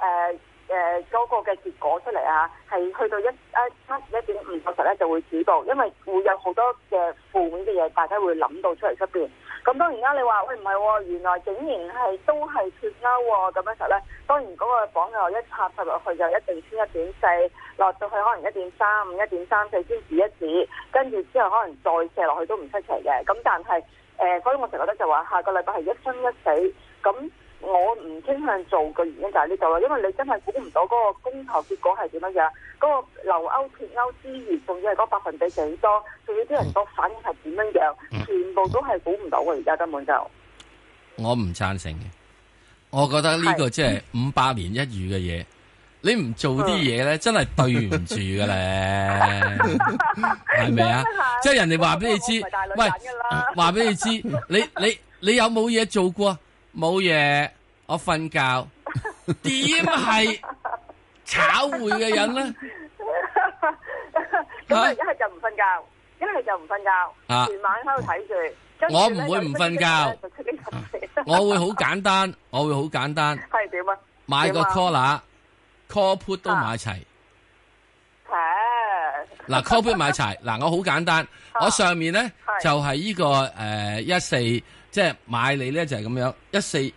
誒誒嗰個嘅結果出嚟啊，係去到一一差唔多一點五嗰時咧就會止步，因為會有好多嘅負面嘅嘢，大家會諗到出嚟出邊。咁當然啦，你話喂唔係喎，原來竟然係都係脱歐喎，哦，咁樣時候咧，當然嗰個榜又一插失落去，就一定穿一點四，落到去可能 1. 3, 1. 3, 指一點三五、一點三四先止一止，跟住之後可能再射落去都唔出奇嘅。咁但係誒，所、呃、以我成日覺得就話下個禮拜係一生一死咁。我唔傾向做嘅原因就係呢度啦，因為你真係估唔到嗰個公投結果係點樣樣，嗰、嗰個留歐脱歐之餘，仲要係嗰百分比幾多，仲要啲人個反應係點樣樣，全部都係估唔到嘅。而家根本就我唔贊成嘅，我覺得呢個即係五百年一遇嘅嘢，你唔做啲嘢咧，嗯、真係對唔住嘅咧，係咪啊？ 即係人哋話俾你知，大喂，話俾你知，你你你，你有冇嘢做過？冇嘢，我瞓覺。點係炒匯嘅人咧？咁一係就唔瞓覺，一係就唔瞓覺。啊，夜晚喺度睇住。我唔會唔瞓覺，我會好簡單，我會好簡單。係點啊？啊買個 call 啦，er，call put 都買齊。誒、啊，嗱，啊，call put 買齊，嗱，啊，我好簡單，啊，我上面咧是就係呢、這個誒一四。呃 1, 4, 即係買你咧就係咁樣，一四一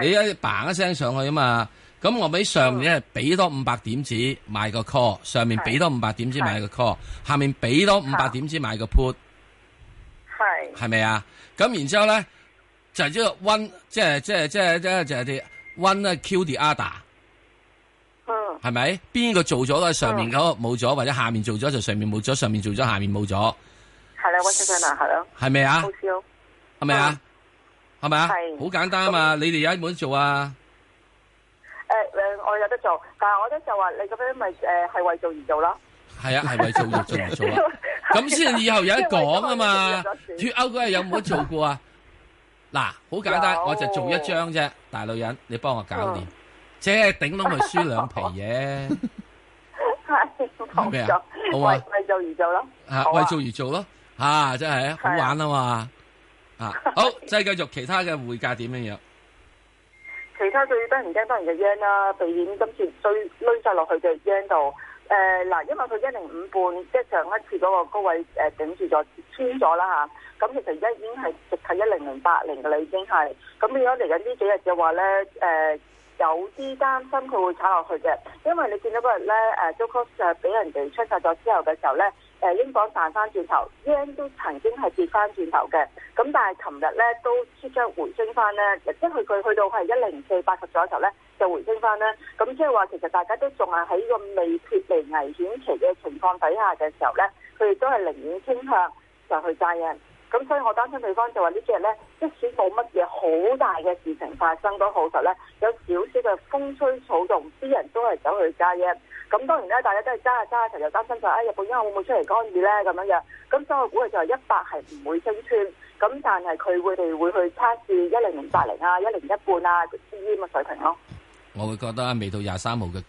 你一 bang 一聲上去啊嘛，咁我俾上面俾多五百點子買個 call，上面俾多五百點子買個 call，下面俾多五百點子買個 put，係係咪啊？咁然之後咧就呢個 one 即係即係即係即係就係啲 one 啊 cancel the other order，係咪？邊個做咗嘅？上面嗰個冇咗，或者下面做咗就上面冇咗，上面做咗下面冇咗，係啦，溫先生係咯，係咪啊？係咪啊？係咪啊？好簡單啊嘛！你哋有冇得做啊？誒誒，我有得做，但係我咧就話你咁樣咪誒係為做而做咯。係啊，係為做而做而做啊！咁先以後有得講啊嘛！脫歐嗰日有冇得做過啊？嗱，好簡單，我就做一張啫，大女人，你幫我搞掂，即係頂多咪輸兩皮嘢。係。好嘅，好啊，為做而做咯。吓，為做而做咯，吓，真係好玩啊嘛！ 啊，好，再繼續其他嘅匯價點樣樣？其他，其他最得人驚當然就 yen 啦，避險今次最攞晒落去嘅 yen 度。誒，嗱，因為佢一零五半，即係上一次嗰個高位誒頂住咗穿咗啦吓。咁、啊、其實而家已經係直係一零零八零噶啦，已經係。咁變咗嚟緊呢幾日嘅話咧，誒、呃，有啲擔心佢會炒落去嘅，因為你見到嗰日咧，誒，Joko 俾人哋出晒咗之後嘅時候咧。誒英鎊彈翻轉頭，yen 都曾經係跌翻轉頭嘅，咁但係琴日咧都即刻回升翻咧，即係佢去到係一零四八十左右頭咧就回升翻咧，咁即係話其實大家都仲係喺個未脫離危險期嘅情況底下嘅時候咧，佢哋都係寧願傾向就去加 yen，咁所以我擔心對方就話呢幾日咧即使冇乜嘢好大嘅事情發生都好實呢，實咧有少少嘅風吹草動，啲人都係走去加 yen。咁當然啦，大家都係揸啊揸啊，成日擔心就係啊，日本央行會唔會出嚟干預咧咁樣嘅？咁所以我估就係一百係唔會升穿，咁但係佢會哋會去測試一零五八零啊，一零一半啊呢啲咁嘅水平咯。我會覺得未到廿三號嘅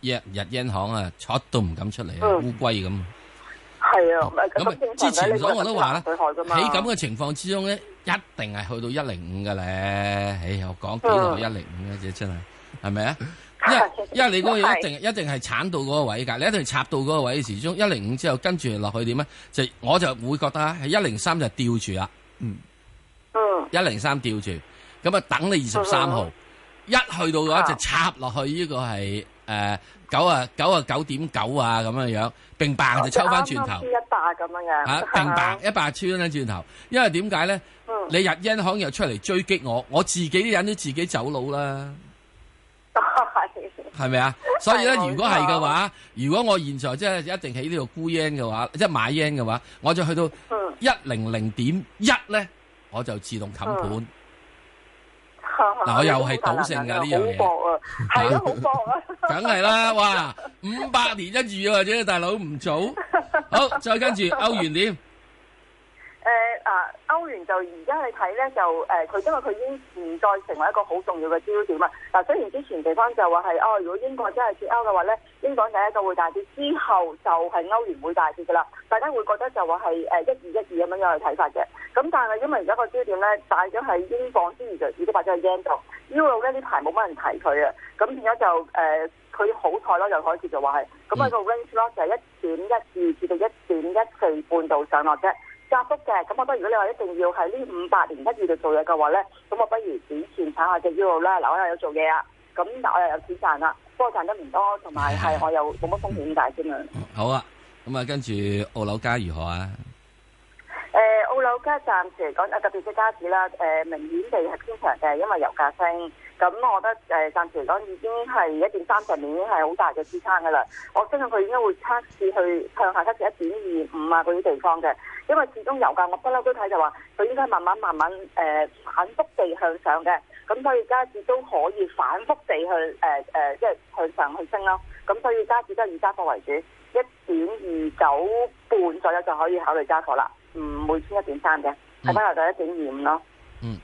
日日銀行啊，坐都唔敢出嚟啊，烏龜咁。係啊，咁之前所我都話啦，喺咁嘅情況之中咧，一定係去到一零五嘅咧。唉，我講幾耐一零五咧，真係係咪啊？因因為你嗰個一定是一定係鏟到嗰個位噶，你一定插到嗰個位，始終一零五之後跟住落去點咧？就我就會覺得啊，係一零三就吊住啦，嗯，嗯，一零三吊住，咁啊等你二十三號一去到嘅話就插落去呢個係誒九啊九啊九點九啊咁樣樣，并 b 就抽翻轉頭，一百咁樣嘅吓、啊，并 b 一百穿翻轉頭，因為點解咧？嗯、你日銀行又出嚟追擊我，我自己啲人都自己走佬啦。係咪啊？所以咧，如果係嘅話，如果我現在即係一定喺呢度沽 yen 嘅話，即係買 yen 嘅話，我就去到一零零點一咧，我就自動冚盤。嗱、嗯嗯啊，我又係賭性噶呢樣嘢，好搏啊！梗係啦，哇，五百年一遇啊啫，大佬唔早。好，再跟住歐元點。啊，歐元就而家去睇咧，就誒佢、呃、因為佢已經唔再成為一個好重要嘅焦點啊！嗱，雖然之前地方就話係哦，如果英國真係脫歐嘅話咧，英鎊第一就會大跌，之後就係歐元會大跌嘅啦。大家會覺得就話係誒一二一二咁樣樣去睇法嘅。咁、嗯、但係因為而家個焦點咧大咗係英鎊之餘，就已經帶咗去 Yen 度，Euro 咧，呢排冇乜人睇佢啊。咁變咗就誒佢好彩咯，又可以就話係咁啊，個 range 咧就係一點一二至到一點一四半度上落啫。加幅嘅，咁我覺得如果你話一定要喺呢五百年一月度做嘢嘅話咧，咁我不如短線炒下隻路啦，嗱我又有做嘢啊，咁嗱我又有錢賺啦，不過賺得唔多，同埋係我又冇乜風險咁大啫嘛。好啊，咁啊跟住澳樓價如何啊？誒，澳樓價暫時嚟講，特別係家市啦，誒明顯地係偏強嘅，因為油價升，咁我覺得誒暫時嚟講已經係一點三十年已經係好大嘅支撐噶啦，我相信佢應該會測試去向下測試一點二五啊嗰啲地方嘅。因為始終油價，我不嬲都睇就話，佢應該慢慢慢慢誒、呃、反覆地向上嘅，咁所以加紙都可以反覆地去誒誒，即係向上去升咯。咁所以加紙都係以揸貨為主，一點二九半左右就可以考慮揸貨啦。唔會千一點三嘅，睇翻又就一點二五咯。嗯。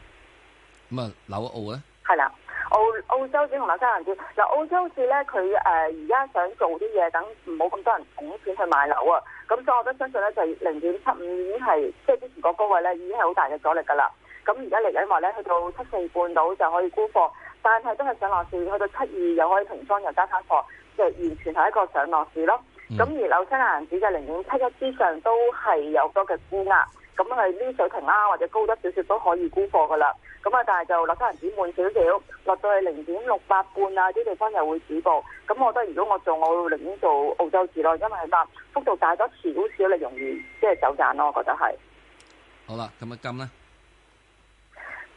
咁、嗯、啊，紐、嗯、澳咧？係啦，澳澳洲住同紐西蘭住，嗱澳洲住咧佢誒而家想做啲嘢，等唔好咁多人捧錢去買樓啊，咁所以我都相信咧就係零點七五已經係即係之前個高位咧已經係好大嘅阻力㗎啦。咁而家嚟緊話咧去到七四半到就可以沽貨，但係都係上落市，去到七二又可以平倉又加翻貨，即係完全係一個上落市咯。咁、嗯、而紐西蘭住嘅零點七一之上都係有好多嘅沽壓。咁係呢水平啦，或者高得少少都可以沽貨噶啦。咁啊，但係就落得人哋悶少少，落到去零點六八半啊，啲地方又會止步。咁我覺得如果我做，我會寧願做澳洲紙咯，因為佢話幅度大咗少少，你容易即係、就是、走賺咯。我覺得係好啦。咁啊金咧？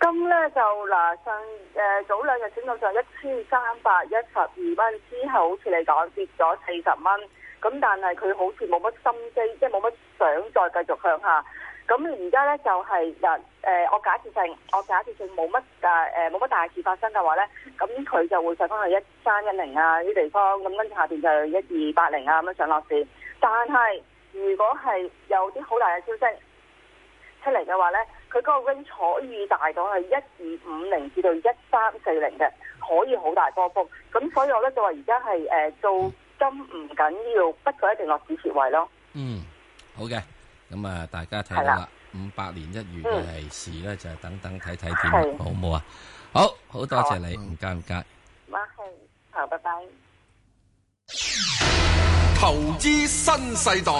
金咧就嗱，上誒、呃、早兩日整到上一千三百一十二蚊之後，好似你講跌咗四十蚊。咁但係佢好似冇乜心機，即係冇乜想再繼續向下。咁而家咧就係，誒，我假設性，我假設性冇乜大，誒，冇乜大事發生嘅話咧，咁佢就會上翻去一三一零啊啲地方，咁跟住下邊就一二八零啊咁樣上落市。但係如果係有啲好大嘅消息出嚟嘅話咧，佢嗰個 range 可以大到係一二五零至到一三四零嘅，可以好大波幅。咁所以我咧就話而家係誒做金唔緊要，不過一定落市設位咯。嗯，好嘅。咁啊，大家睇下啦，五百的年一遇嘅事咧，就係的等等睇睇點好唔好啊？好，好多謝你，唔的介唔介？唔該，好，拜拜。投資新世代。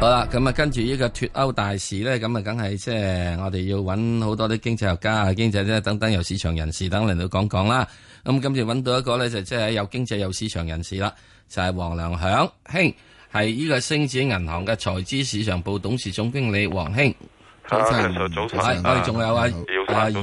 好啦，咁啊，跟住呢個脫歐大事咧，咁啊，梗係即係我哋要揾好多啲經濟學家、經濟者等等，由市場人士等嚟到講講啦。咁今次揾到一個咧，就即係有經濟有市場人士啦，就係黃良響兄，係呢個星展銀行嘅財資市場部董事總經理黃兄、啊、早晨我哋仲有啊，啊姚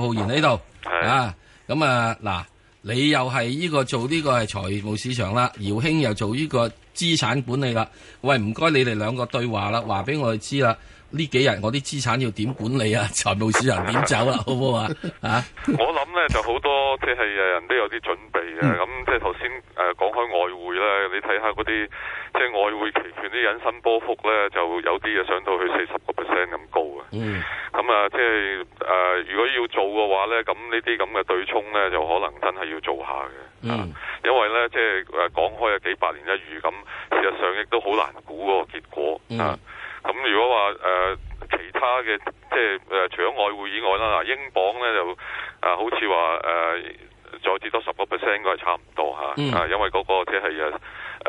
浩然呢度啊，咁啊嗱、啊，你又係呢個做呢個係財務市場啦，姚兄又做呢個資產管理啦，喂，唔該你哋兩個對話啦，話俾我哋知啦。呢幾日我啲資產要點管理啊？財務小人點走啦、啊？好唔好啊？啊！ 我諗咧就好多，即係人都有啲準備嘅、啊。咁、嗯、即係頭先誒講開外匯咧，你睇下嗰啲即係外匯期權啲引伸波幅咧，就有啲啊上到去四十個 percent 咁高嘅。嗯。咁啊，即係誒、呃，如果要做嘅話咧，咁呢啲咁嘅對沖咧，就可能真係要做下嘅。嗯。因為咧，即係誒講開啊，幾百年一遇，咁事實上亦都好難估嗰個結果。嗯。嗯咁如果話誒、呃、其他嘅即係誒除咗外匯以外啦，嗱英鎊咧就啊好似話誒再跌多十個 percent，應該係差唔多吓，啊、嗯、因為嗰、那個即係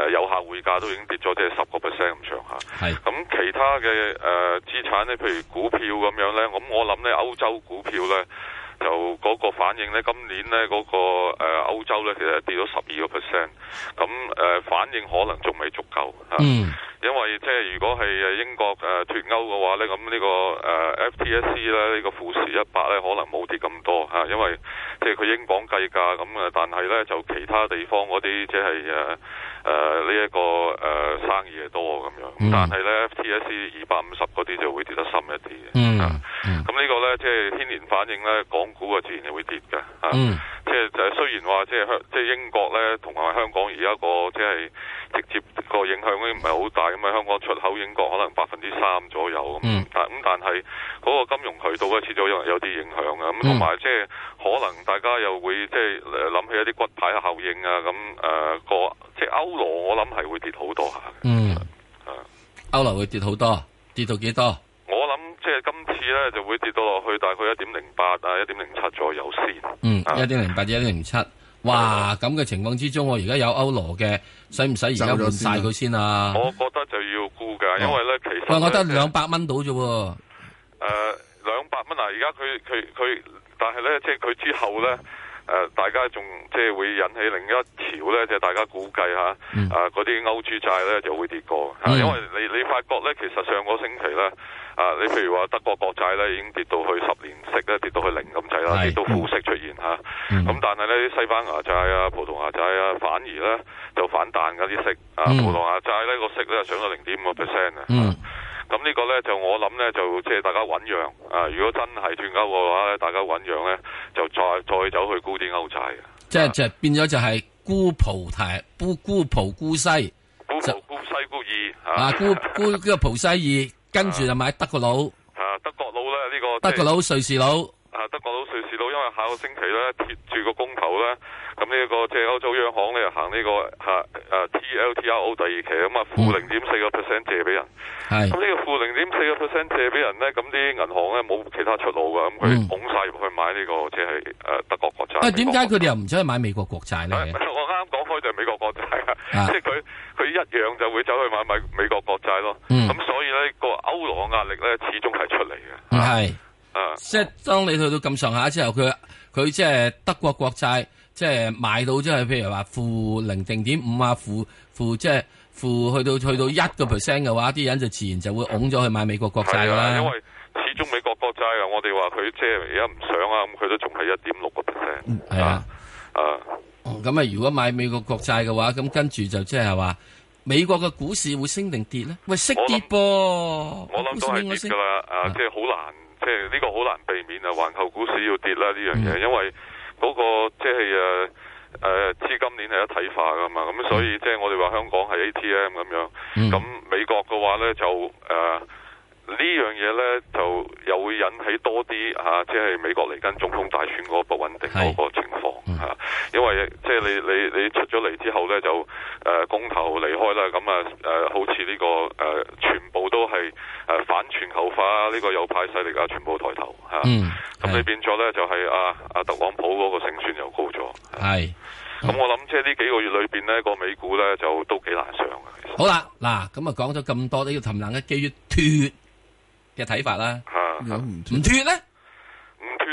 誒有客匯價都已經跌咗即係十個 percent 咁上下。咁是、啊、其他嘅誒、呃、資產咧，譬如股票咁樣咧，咁我諗咧歐洲股票咧。就嗰個反應呢，今年呢，嗰、那個誒、呃、歐洲呢，其實跌咗十二個 percent。咁誒、呃、反應可能仲未足夠嚇，啊嗯、因為即係如果係英國誒脫、呃、歐嘅話呢，咁呢、這個誒、呃、FTSE 呢，呢、這個富時一百呢，可能冇跌咁多嚇、啊，因為即係佢英鎊計價咁啊。但係呢，就其他地方嗰啲即係誒誒呢一個誒生意係多咁樣。但係呢 FTSE 二百五十嗰啲就會跌得深一啲嘅、嗯嗯嗯。嗯，咁呢個呢，即係天然反應呢。港股啊，自然係會跌嘅，啊，即係就係雖然話，即係香，即係英國咧，同埋香港而家個即係直接個影響咧，唔係好大咁啊。香港出口英國可能百分之三左右，嗯，但咁但係嗰個金融渠道咧，始終、嗯、有有啲影響嘅，咁同埋即係可能大家又會即係諗起一啲骨牌效應、呃嗯、啊，咁誒個即係歐羅，我諗係會跌好多下，嗯，啊，歐羅會跌好多，跌到幾多？我諗即係今次咧就會跌到落去大概一點零八啊，一點零七左右先。嗯，一點零八，至一點零七。哇！咁嘅情況之中，我而家有歐羅嘅，使唔使而家換晒佢先啊？我覺得就要沽噶。嗯，因為咧其實呢，哎。我得兩百蚊到啫，誒，兩百蚊啊！而家佢佢佢，但係咧，即係佢之後咧，誒，呃，大家仲即係會引起另一潮咧，即係大家估計吓，嗯，啊，嗰啲歐豬債咧就會跌過。吓，嗯，嗯，因為你你發覺咧，其實上個星期咧。啊！你譬如話德國國債咧，已經跌到去十年息咧，跌到去零咁滯啦，跌到負息出現吓。咁、啊嗯啊、但係咧，西班牙債啊、葡萄牙債啊，反而咧就反彈噶啲息。啊，葡萄、嗯、牙債呢個息咧就上到零點五個 percent 啊。咁呢個咧就我諗咧就即係大家醞釀。啊，如果真係斷交嘅話咧，大家醞釀咧就再再走去高啲歐債。即係即變咗就係沽葡泰、沽沽葡沽西、沽葡沽西沽二、啊。啊，沽沽叫葡西二。 跟住就買德國佬，啊，德國佬咧呢個德國佬瑞士佬，啊，德國佬瑞士佬。下個星期咧，貼住個公投咧，咁、這、呢個借係歐洲央行咧就行呢、這個吓誒、啊啊、TLTRO 第二期，咁啊負零點四個 percent 借俾人。係咁是、嗯、呢個負零點四個 percent 借俾人咧，咁啲銀行咧冇其他出路噶，咁佢拱晒入去買呢個即係誒德國國債。啊，點解佢哋又唔想去買美國國債咧？我啱啱講開就係美國國債啊，即係佢佢一樣就會走去買買美國國債咯。咁、嗯嗯、所以咧個歐羅嘅壓，壓力咧始終係出嚟嘅。係。即係當你去到咁上下之後，佢佢即係德國國債，即係買到即係譬如話負零定點五啊，負負即係負去到去到一個 percent 嘅話，啲人就自然就會拱咗去買美國國債啦。因為始終美國國債啊，我哋話佢即係而家唔想啊，咁佢都仲係一點六個 percent，係啊啊。咁啊，如果買美國國債嘅話，咁跟住就即係話美國嘅股市會升定跌咧？喂，升跌噃？我諗都係跌噶啦，啊，即係好難。即係呢個好難避免啊，環球股市要跌啦呢樣嘢，因為嗰、那個即係誒誒資金鏈係一體化噶嘛，咁所以、嗯、即係我哋話香港係 ATM 咁樣，咁、嗯、美國嘅話咧就誒。呃呢樣嘢咧就又會引起多啲嚇，即係美國嚟緊總統大選嗰個不穩定嗰個情況嚇，因為即係你你你出咗嚟之後咧就誒公投離開啦，咁啊誒好似呢個誒全部都係誒反全球化呢個右派勢力啊，全部抬頭嚇，咁你變咗咧就係阿阿特朗普嗰個勝算又高咗，係，咁我諗即係呢幾個月裏邊呢，個美股咧就都幾難上嘅其實。好啦，嗱咁啊講咗咁多呢要尋另一機於脱。嘅睇法啦，吓唔脱呢？唔脱呢？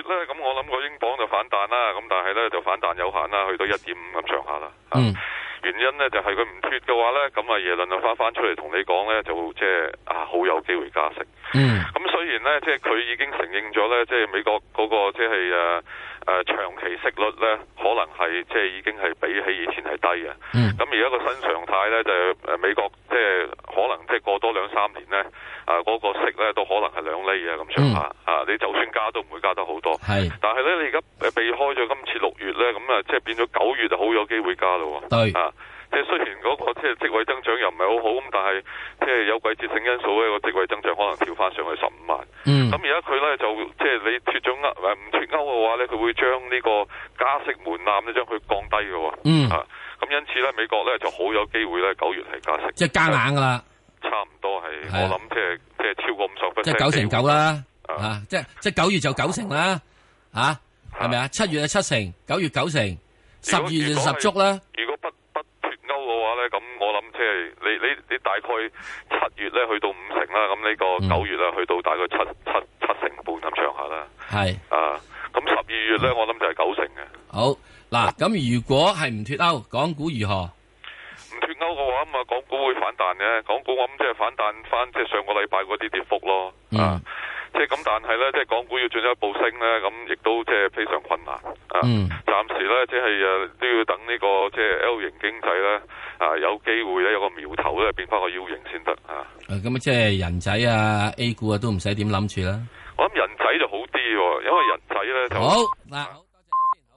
咁我諗個英鎊就反彈啦，咁但係呢，就反彈有限啦，去到一點五咁上下啦。嗯，原因呢，就係佢唔脱嘅話呢，咁啊耶倫就翻翻出嚟同你講呢，就即係啊好有機會加息。嗯，咁雖然呢，即係佢已經承認咗呢，即係美國嗰個即係誒。就是啊誒、呃、長期息率咧，可能係即係已經係比起以前係低嘅。咁、嗯、而家個新常態咧，就誒、是、美國即係可能即係過多兩三年咧，啊、呃、嗰、那個息咧都可能係兩厘嘅咁上下。嗯、啊，你就算加都唔會加得好多。係是，但係咧你而家避開咗今次六月咧，咁、嗯、啊即係變咗九月就好有機會加咯。對，啊。即係雖然嗰個即係職位增長又唔係好好咁，但係即係有季節性因素咧，個職位增長可能跳翻上去十五萬。嗯。咁而家佢咧就即係你脫咗歐誒唔脫歐嘅話咧，佢會將呢個加息門檻咧將佢降低嘅喎。嗯。啊，咁因此咧，美國咧就好有機會咧，九月係加息。即係加硬噶啦。差唔多係。我諗即係即係超過五十分。即係九成九啦。啊，即係即係九月就九成啦。啊，係咪啊？七月係七成，九月九成，十二月就十足啦。如果如果。嘅話咧，咁我諗即係你你你，你大概七月咧去到五成啦，咁呢個九月咧去到大概七七七成半咁上下啦。係啊，咁十二月咧、嗯、我諗就係九成嘅。好嗱，咁如果係唔脫歐，港股如何？唔脫歐嘅話咁啊，港股會反彈嘅，港股我諗即係反彈翻即係上個禮拜嗰啲跌幅咯。啊、嗯。即係咁，但係咧，即係港股要進一步升咧，咁亦都即係非常困難。啊、嗯，暫時咧，即係誒，都要等呢個即係 L 型經濟咧，啊，有機會咧，有個苗頭咧，變翻個 U 型先得啊。咁、嗯嗯、即係人仔啊，A 股啊，都唔使點諗住啦。我諗人仔就好啲，因為人仔咧就好。啊、好嗱。